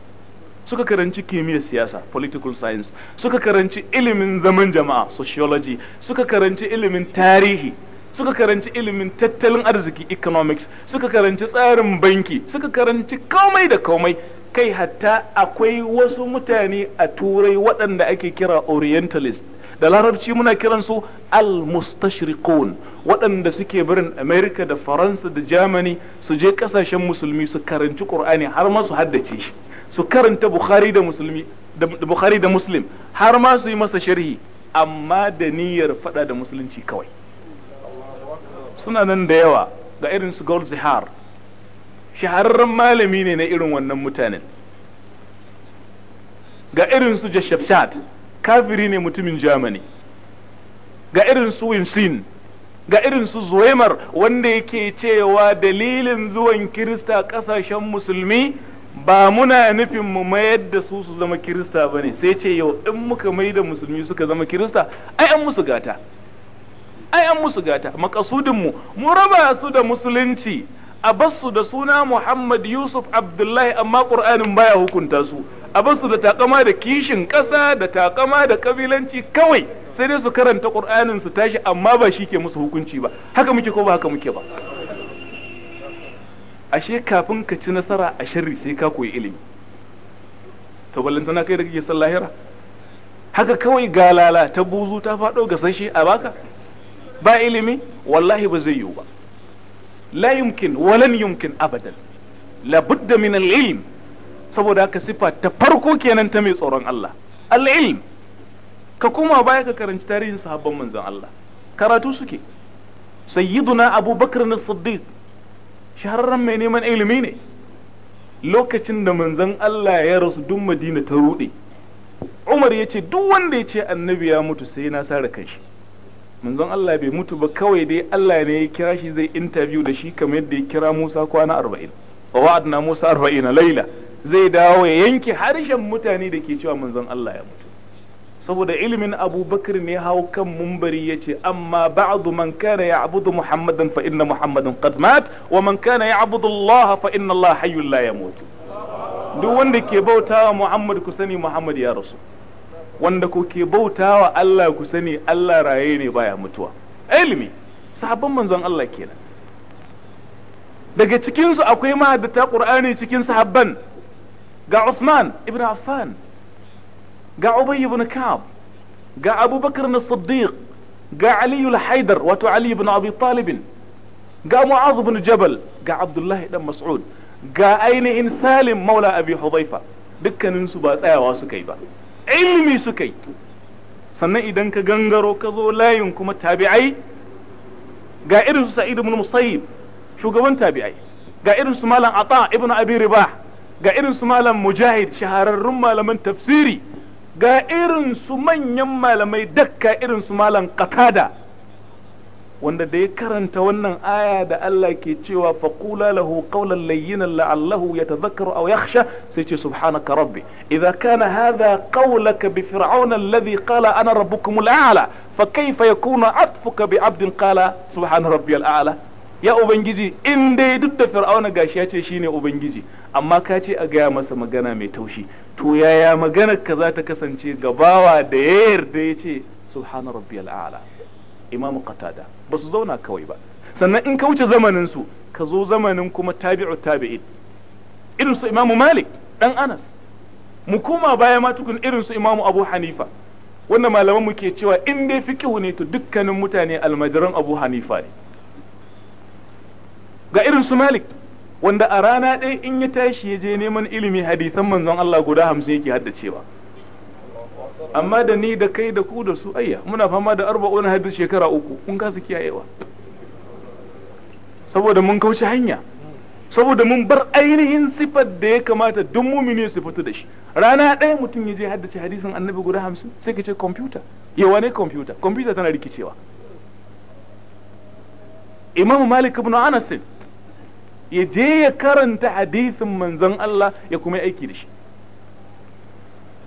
suka karanci kimiyyar siyasa political science suka karanci ilimin zaman jama'a sociology suka karanci ilimin tarihi suka karanci ilimin tattalin arziki economics suka karanci tsarin banki suka karanci komai da komai kai hatta akwai wasu mutane a turai waɗanda ake kira orientalist da larabci muna kiransu al-mustashriqun waɗanda suke barin Amerika da Faransa da Germany su je kasashen musulmi su karanci Qur'ani har ma su haddace shi su karanta Bukhari da Musulmi da Bukhari da Muslim har ma su yi masa sharhi amma da niyyar fada da musulunci kawai suna nan da yawa ga irin su Gold Zihar shahararren malami ne na irin wannan mutanen ga irin su Jashabshat kafiri ne mutumin jamani ga irin su Winsin ga irin su Zuwaimar wanda yake cewa dalilin zuwan Kirista ƙasashen musulmi ba muna nufin mu mayar da su su zama Kirista ba ne sai ce yau in muka mai da musulmi suka zama Kirista ai an musu gata ai an musu gata makasudin mu raba su da musulunci a basu da suna Muhammad Yusuf Abdullahi amma Ƙur'anin baya hukunta su abin su da takama da kishin ƙasa da takama da kabilanci kawai sai dai su karanta ƙur'anin su tashi amma ba shi ke musu hukunci ba haka muke ko ba haka muke ba ashe kafin ka ci nasara a sharri sai ka koyi ilimi to ballantana kai da kake son lahira haka kawai galala ta buzu ta faɗo ga sashe a baka ba ilimi wallahi ba zai yiwu ba la yumkin walan yumkin abadan labudda min al-ilm saboda haka sifa ta farko kenan ta mai tsoron Allah al ka koma baya ka karanci tarihin sahabban manzon Allah karatu suke sayyiduna Abu Bakr as-Siddiq shahararren mai neman ilimi ne lokacin da manzon Allah ya rasu duk Madina ta rude Umar ya ce duk wanda ya ce annabi ya mutu sai na sare kanshi manzon Allah bai mutu ba kawai dai Allah ne ya kira shi zai interview da shi kamar yadda ya kira Musa kwana 40 wa'adna Musa 40 laila zai dawo ya yanke harshen mutane da ke cewa manzon Allah ya mutu saboda ilimin abubakar ne hau kan mumbari ya ce amma baadu man kana abudu muhammadan fa inna muhammadan qad mat wa man kana abudu Allah fa inna Allah hayyul la yamut duk wanda ke bautawa muhammad ku sani muhammad ya rasu wanda ko ke bautawa Allah ku sani Allah raye ne baya mutuwa ilimi sahabban manzon Allah kenan daga cikinsu akwai mahaddata ƙur'ani cikin sahabban ga Uthman ibn Affan ga Ubay ibn Ka'ab ga Abu Bakr as-Siddiq ga Ali al-Haidar wato Ali ibn Abi Talib ga Mu'adh ibn Jabal ga Abdullah dan Mas'ud ga ainihin Salim Maula Abi Hudhaifa dukkanin su ba tsayawa suka yi ba ilimi suka yi sannan idan ka gangaro ka zo layin kuma tabi'ai ga irin su Sa'id ibn Musayyib shugaban tabi'ai ga irin su Malam Ata ibn Abi Ribah ga irin su malam mujahid shahararrun malaman tafsiri ga irin su manyan malamai dakka irin su malam qatada wanda da ya karanta wannan aya da Allah ke cewa faqula lahu qawlan layyinan la'allahu yatadhakkaru aw yakhsha sai ce subhanaka rabbi idza kana hadha qawlaka bi fir'auna alladhi qala ana rabbukumul a'la fa kayfa yakunu atfuka bi 'abdin qala subhana rabbiyal a'la ya ubangiji in dai duk da fir'auna gashi ya ce shine ubangiji amma ka ce a gaya masa magana mai taushi to yaya maganar ka za ta kasance gabawa da ya yarda ya ce subhana rabbiyal a'la imamu qatada ba su zauna kawai ba sannan in ka wuce zamanin su ka zo zamanin kuma tabi'u tabi'in irin su imamu malik dan anas mu koma baya ma tukun irin su imamu abu hanifa wanda malaman mu ke cewa in dai fiqhu ne to dukkanin mutane almajiran abu hanifa ne ga irin su Malik wanda a rana ɗaya in ya tashi ya je neman ilimi hadisan manzon Allah guda hamsin yake haddacewa amma da ni da kai da ku da su ayya muna fama da arba'un hadis shekara uku kun kasa kiyayewa saboda mun kauce hanya saboda mun bar ainihin sifar da ya kamata duk mumini ya sifatu da shi rana ɗaya mutum ya je haddace hadisin annabi guda hamsin sai ka ce kwamfuta yawa ne kwamfuta kwamfuta tana rikicewa imam malik ibn anas ya je ya karanta hadisin manzon Allah ya kuma aiki da shi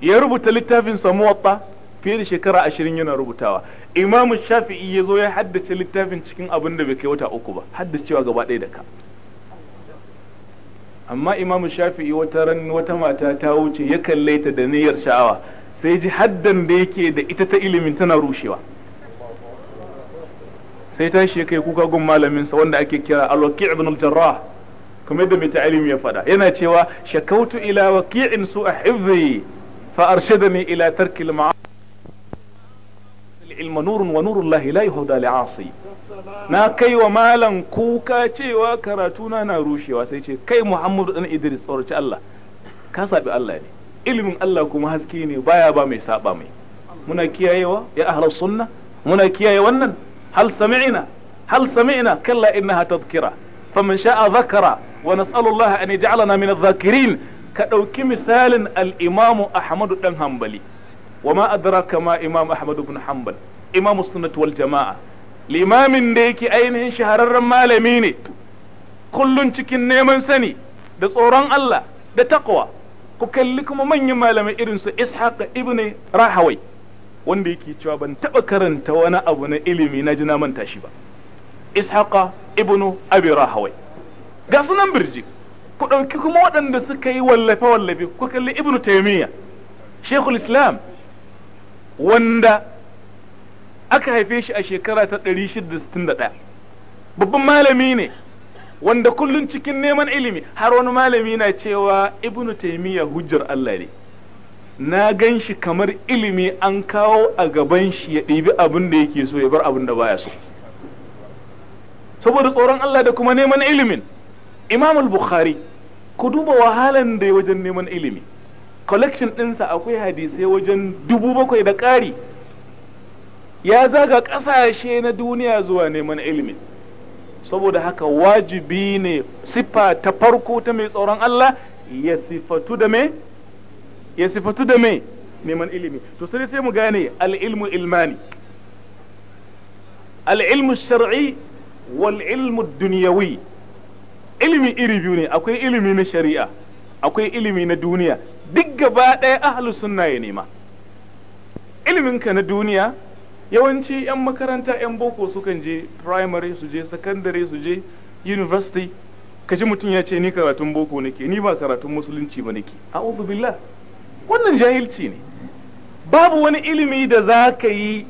ya rubuta littafin sa muwatta fiye da shekara ashirin yana rubutawa imamu shafi'i ya zo ya haddace littafin cikin abin da bai kai wata uku ba haddacewa gaba ɗaya da ka amma imamu shafi'i wata ran wata mata ta wuce ya kalle ta da niyyar sha'awa sai ji haddan da yake da ita ta ilimin tana rushewa sai tashi ya kai kuka gun malaminsa wanda ake kira alwaki waqi ibn al-jarrah kuma yadda mai ta'alim ya faɗa yana cewa shakautu ila waqi'in su a hifzi fa arshadani ila tarki al ilma nurun wa nurun lahi la yahuda li asi na kai wa malan kuka cewa karatu na na rushewa sai ce kai muhammadu dan idris tsoraci allah ka sabi allah ne ilimin allah kuma haske ne baya ba mai saba mai muna kiyayewa ya ahlus sunna muna kiyaye wannan hal sami'na hal sami'na kalla innaha tadhkira faman sha'a zakara wa nas'alullah an yaj'alana min adh-dhakirin ka ɗauki misalin al-imamu Ahmad dan Hanbali wa ma adraka ma imam Ahmad ibn Hanbal imamu sunnah wal jama'a limamin da yake ainihin shahararren malami ne kullum cikin neman sani da tsoron Allah da takwa ku kalli kuma manyan malamai irin su Ishaq ibn Rahawai wanda yake cewa ban taba karanta wani abu na ilimi na ji na manta shi ba ishaqa ibnu abi rahawai ga sunan birji ku ɗauki kuma waɗanda suka yi wallafe wallafe ku kalli ibnu taymiya shekul islam wanda aka haife shi a shekara ta 661 babban malami ne wanda kullum cikin neman ilimi har wani malami na cewa ibnu taymiya hujjar Allah ne na gan shi kamar ilimi an kawo a gaban shi ya ɗibi abin da yake so ya bar abin da baya so saboda tsoron Allah da kuma neman ilimin Imam al-Bukhari ku duba wahalan da ya wajen neman ilimi collection ɗinsa akwai hadisai wajen dubu bakwai da ƙari ya zaga ƙasashe na duniya zuwa neman ilimi saboda haka wajibi ne siffa ta farko ta mai tsoron Allah ya sifatu da me ya sifatu da me neman ilimi to sai sai mu gane al-ilmu ilmani al-ilmu shar'i wal ilmu dunyawi ilimi iri biyu ne akwai ilimi na shari'a akwai ilimi na duniya duk gaba ɗaya ahlus sunna ya nema iliminka na duniya yawanci 'yan makaranta 'yan boko sukan je primary su je secondary su je university ka ji mutum ya ce ni karatun boko nake ni ba karatun musulunci ba nake a'udhu billah wannan jahilci ne babu wani ilimi da za ka yi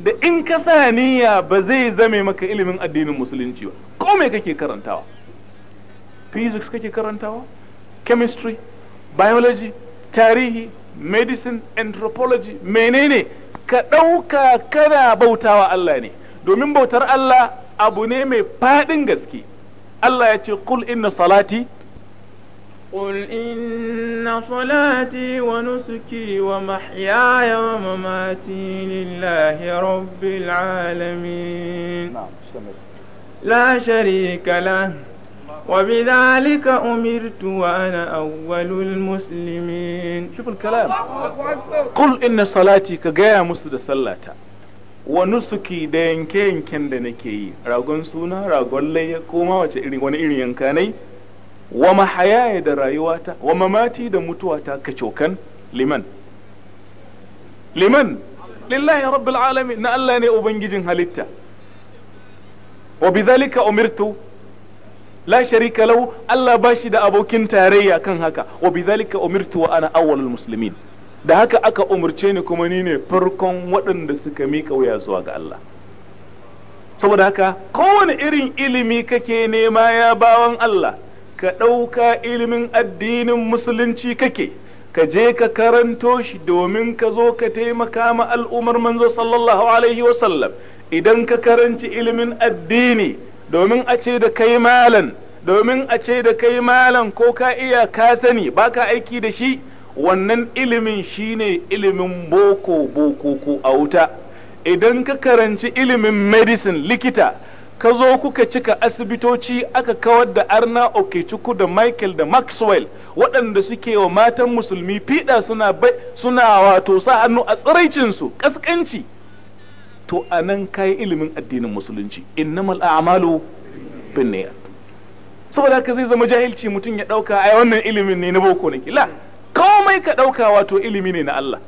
da in ka sa niyya ba zai zame maka ilimin addinin musulunci ba ko me kake karantawa physics kake karantawa chemistry biology tarihi medicine anthropology menene ka ɗauka kana bautawa Allah ne domin bautar Allah abu ne mai faɗin gaske Allah ya ce kul inna salati قل إن صلاتي ونسكي ومحياي ومماتي لله رب العالمين نعم، لا شريك له وبذلك أمرت وأنا أول المسلمين شوف الكلام قل إن صلاتي كجاية مسجد صلاة ونسكي دين دين كندنكي راغون سونا راغون لي كوما وچه إري كاني ينكاني wa mahayaya da rayuwata wa mati da mutuwata kacokan liman liman lillahi rabbil alamin na Allah ne ubangijin halitta wa bidhalika umirtu la sharika lahu Allah bashi da abokin tarayya kan haka wa bidhalika umirtu wa ana awwalul muslimin da haka aka umurce ni kuma ni ne farkon waɗanda suka miƙa wuya zuwa ga Allah saboda haka kowane irin ilimi kake nema ya bawan Allah ka ɗauka ilimin addinin musulunci kake ka je ka karanto shi domin ka zo ka taimaka ma al'umar manzo sallallahu alaihi wasallam idan ka karanci ilimin addini domin a ce da kai malan domin a ce da kai malam ko ka iya ka sani baka aiki da shi wannan ilimin shine ilimin boko boko ko a wuta idan ka karanci ilimin medicine likita ka zo kuka cika asibitoci aka kawar da arna okechukwu da michael da maxwell waɗanda suke wa matan musulmi fiɗa suna suna wato sa hannu a tsiraicinsu ƙasƙanci to a nan kayi ilimin addinin musulunci innamal a'malu binniyat saboda haka zai zama jahilci mutum ya ɗauka a wannan ilimin ne na boko na kila komai ka ɗauka wato ilimi ne na Allah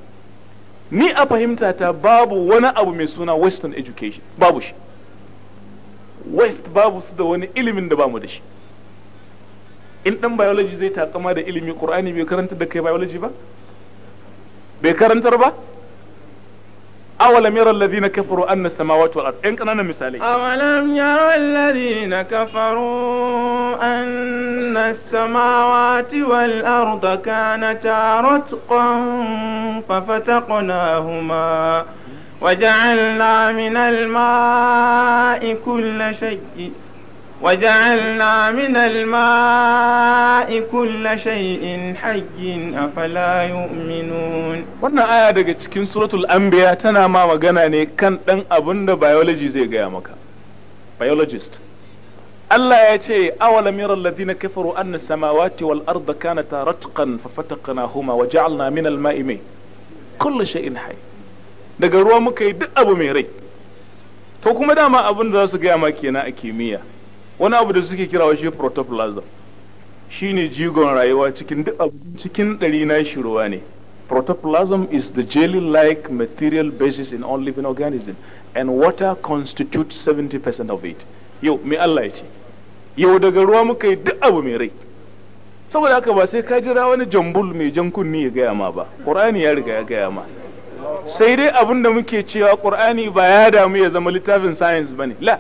ni a fahimta ta babu wani abu mai suna western education babu shi west babu su da wani ilimin da bamu da shi in dan biology zai takama da ilimi qur'ani bai karanta da kai biology ba bai karantar ba awalam yara أولم يرى الذين كفروا أن السماوات والأرض إن كان awalam yara alladhina kafaru anna samawati wal السماوات والأرض كانتا fa fataqnahuma وجعلنا من الماء كل شيء وجعلنا من الماء كل شيء حي أفلا يؤمنون وانا آية دقى تكين سورة الأنبياء تنا ما وغانا ني كان تن أبن بيولوجي زي غايا مكا بيولوجيست الله يتي أولم يرى الذين كفروا أن السماوات والأرض كانتا رتقا ففتقناهما وجعلنا من الماء مي كل شيء حي daga ruwa muka yi duk abu mai rai to kuma dama abin da za su gaya ma kenan a kimiyya wani abu da suke kira shi protoplasm Shi ne jigon rayuwa cikin duk abu cikin ɗari na shi ruwa ne protoplasm is the jelly-like material basis in all living organisms and water constitutes 70% of it yau mai Allah ya ce yau daga ruwa muka yi duk abu mai rai saboda haka ba sai ka jira wani jambul mai jan kunni ya gaya ma ba ƙur'ani ya riga ya gaya ma sai dai abin da muke cewa qur'ani ba ya damu ya zama littafin science ne la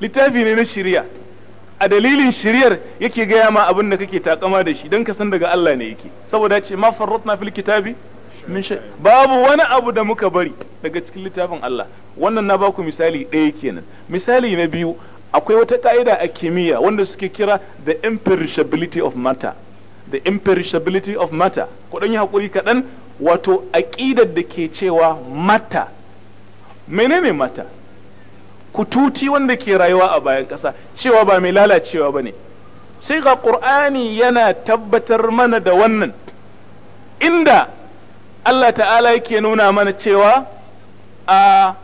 littafi ne na shirya a dalilin shiryar yake gaya ma abin da kake takama da shi don ka san daga Allah ne yake saboda ce ma farrot fil kitabi babu wani abu da muka bari daga cikin littafin Allah wannan na baku misali ɗaya kenan misali na biyu akwai wata ka'ida a kimiyya wanda suke kira the imperishability of matter the imperishability of matter ku dan yi hakuri kaɗan wato aƙidar da ke cewa mata menene mata kututi wanda ke rayuwa a bayan ƙasa cewa ba mai lalacewa ba ne sai ga ƙur'ani yana tabbatar mana da wannan inda Allah ta'ala yake nuna mana cewa a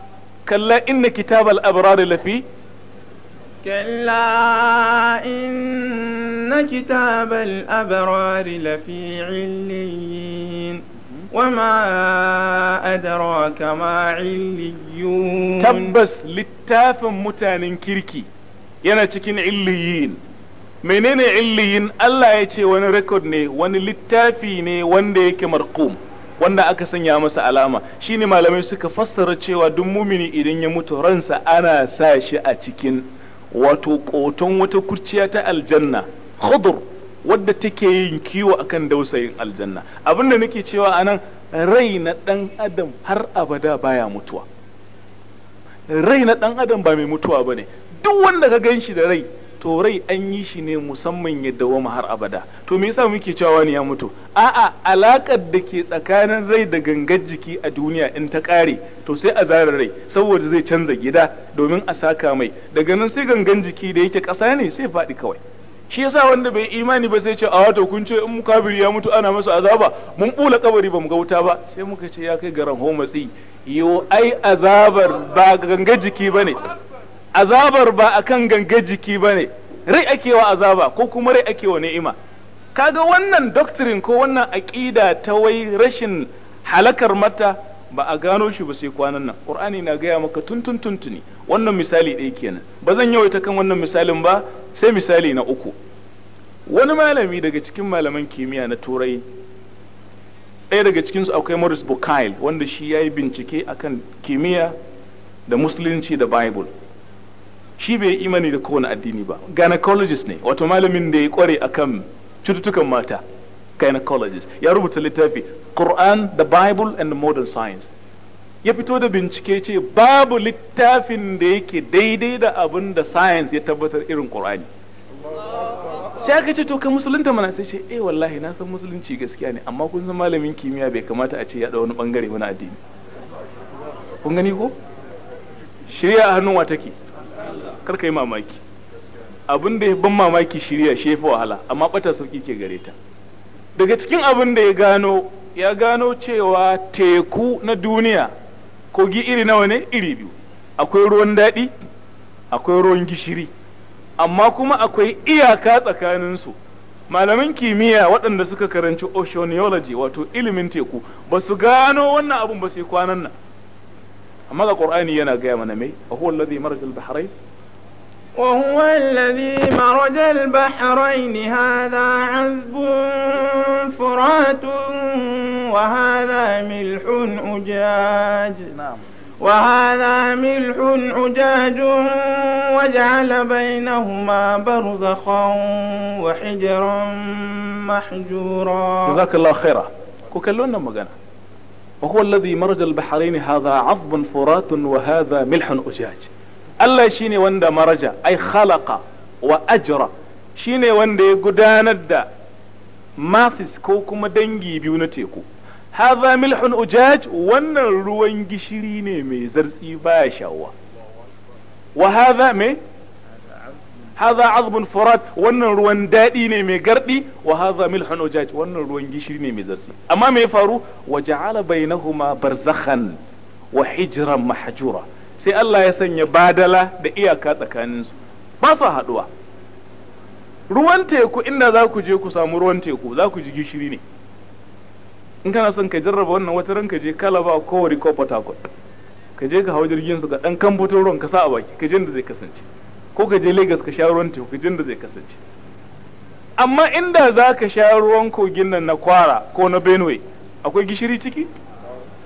kalla inna kitabal abrari lafi كلا إن كتاب الأبرار لفي عليين وما أدراك ما عليون تبس للتاف متان كركي yana cikin illiyin menene illiyin Allah ya ce wani rekod ne wani littafi ne wanda yake marqum wanda aka sanya masa alama shine malamai suka fassara cewa duk mumini idan ya mutu ransa ana sa shi a cikin wato koton wata kurciya ta aljanna khudur wadda take yin kiwo akan dausayin aljanna abinda nake cewa a nan, rai na ɗan adam har abada baya mutuwa rai na ɗan adam ba mai mutuwa ba ne. duk wanda ka gan shi da rai to rai an yi shi ne musamman ya dawama har abada to me yasa muke cewa wani ya mutu a'a alakar da ke tsakanin rai da gangar jiki a duniya in ta kare to sai a zara rai saboda zai canza gida domin a saka mai daga nan sai gangan jiki da yake ƙasa ne sai faɗi kawai shi yasa wanda bai imani ba sai ce a wato kun ce in kabiri ya mutu ana masa azaba mun bula kabari ba mu ga wuta ba sai muka ce ya kai garan homatsi yo ai azabar ba ganga jiki bane azabar ba akan ganga jiki bane rai ake wa azaba ko kuma rai ake wa ni'ima kaga wannan doctrine ko wannan aƙida ta wai rashin halakar mata ba a gano shi ba sai kwanan nan qur'ani na gaya maka tuntun tuntuni wannan misali ɗaya kenan ba zan yawaita kan wannan misalin ba sai misali na uku wani malami daga cikin malaman kimiyya na turai ɗaya daga cikin su akwai Morris Bukail wanda shi yayi bincike akan kimiyya da musulunci da bible shi bai imani da kowane addini ba gynecologist ne wato malamin da ya kware akan cututtukan mata gynecologist ya rubuta littafi Quran the Bible and modern science ya fito da bincike ce babu littafin da yake daidai da abin da science ya tabbatar irin Qur'ani sai aka ce to ka musulunta mana sai ce eh wallahi na san musulunci gaskiya ne amma kun san malamin kimiyya bai kamata a ce ya da wani bangare wani addini kun gani ko shirya a hannun take kar ka yi mamaki abin da ya ban mamaki shirya shefa wahala amma bata sauki ke gare ta daga cikin abin da ya gano ya gano cewa teku na duniya kogi iri nawa ne iri biyu akwai ruwan daɗi akwai ruwan gishiri amma kuma akwai iyaka tsakaninsu Malamin kimiyya waɗanda suka karanci oceanology wato ilimin teku ba su gano wannan abin ba sai kwanan nan amma ga qur'ani yana gaya mana mai a huwa marajal bahrain وهو الذي مرج البحرين هذا عذب فرات وهذا ملح أجاج نعم وهذا ملح أجاج وجعل بينهما برزخا وحجرا محجورا جزاك الله خيرا كوكلونا مغانا وهو الذي مرج البحرين هذا عذب فرات وهذا ملح أجاج Allah ne wanda maraja ai khalaqa wa shi shine wanda ya gudanar da masis ko kuma dangi biyu na teku haza milhun ujaj wannan ruwan gishiri ne mai zartsi baya shawa wa haza me hadha azbun furat wannan ruwan dadi ne mai gardi wa haza milhun ujaj wannan ruwan gishiri ne mai zartsi amma mai faru wa ja'ala bainahuma barzakhan wa hijran mahjura sai Allah ya sanya badala da iyaka tsakaninsu ba su haɗuwa ruwan teku inda za ku je ku samu ruwan teku za ku ji gishiri ne in kana son ka jarraba wannan wata ranka je kalaba ko wari ko port ka je ka hau jirgin su ka dan kan ruwan ka sa a baki ka je da zai kasance ko ka je Lagos ka sha ruwan teku ka je da zai kasance amma inda za ka sha ruwan kogin nan na kwara ko na Benue akwai gishiri ciki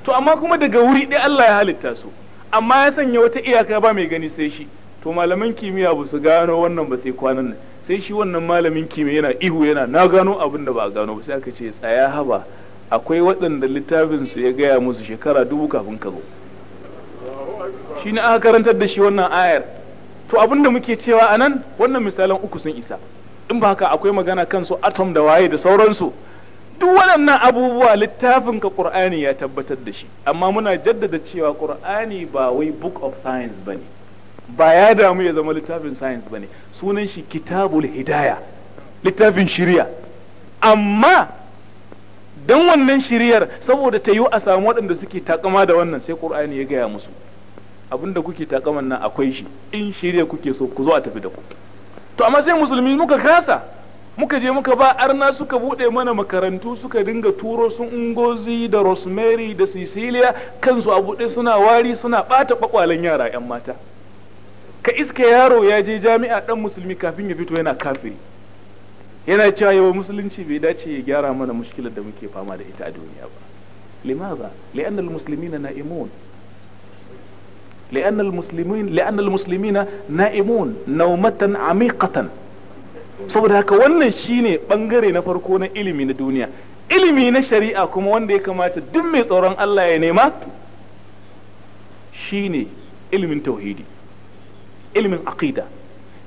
to amma kuma daga wuri ɗaya Allah ya halitta su amma ya sanya wata iyaka ba mai gani sai shi to malamin kimiyya ba su gano wannan ba sai kwanan nan sai shi wannan malamin kimiyya yana ihu yana na gano abin da ba a gano ba sai aka ce tsaya haba akwai waɗanda littafin su ya gaya musu shekara dubu kafin ka zo shi ne aka karantar da shi wannan ayar to abin da muke cewa a nan wannan misalan uku sun isa in ba haka akwai magana kansu atom da waye da sauransu duk waɗannan abubuwa littafin ka Qur'ani ya tabbatar da shi amma muna jaddada cewa ƙur'ani ba wai book of science ba ne ba ya damu ya zama littafin science ba ne sunan shi kitabul hidaya littafin shirya amma don wannan shiriyar saboda ta yi a samu waɗanda suke takama da wannan sai ƙur'ani ya gaya musu abinda kuke takaman nan akwai shi in shirya kuke so ku zo a tafi da ku to amma sai musulmi muka kasa muka je muka ba arna suka bude mana makarantu suka dinga turo sun ungozi da rosemary da cecilia kansu a bude suna wari suna bata kwakwalen yara yan mata ka iske yaro ya je jami'a dan musulmi kafin ya fito yana kafiri yana cewa yawa musulunci bai dace ya gyara mana mushkilar da muke fama da ita a duniya ba limaza li'anna almuslimina na'imun li'anna almuslimin li'anna almuslimina na'imun naumatan amiqatan saboda haka wannan shine ɓangare na farko na ilimi na duniya ilimi na shari'a kuma wanda ya kamata duk mai tsoron Allah ya nema shine ilimin tauhidi ilimin aqida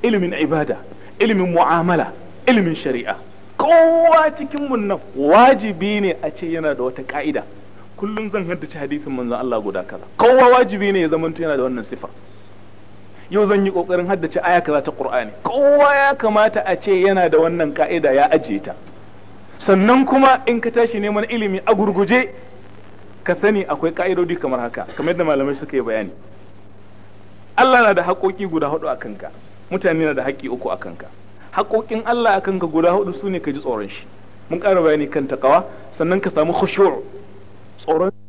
ilimin ibada ilimin mu'amala ilimin shari'a kowa cikin mun nan wajibi ne a ce yana da wata ka'ida kullum zan haddace hadisin manzon Allah guda kaza kowa wajibi ne ya zamanto yana da wannan sifa yau zan yi kokarin haddace aya kaza ta Qur'ani kowa ya kamata a ce yana da wannan ka'ida ya ajiye ta sannan kuma in ka tashi neman ilimi a gurguje ka sani akwai ka'idodi kamar haka kamar yadda malamai suka yi bayani Allah na da haƙoƙi guda hudu a kanka mutane na da haƙƙi uku a kanka haƙoƙin Allah a kanka guda hudu su ne ka ji tsoron shi mun ƙara bayani kan taƙawa sannan ka samu khushu' tsoron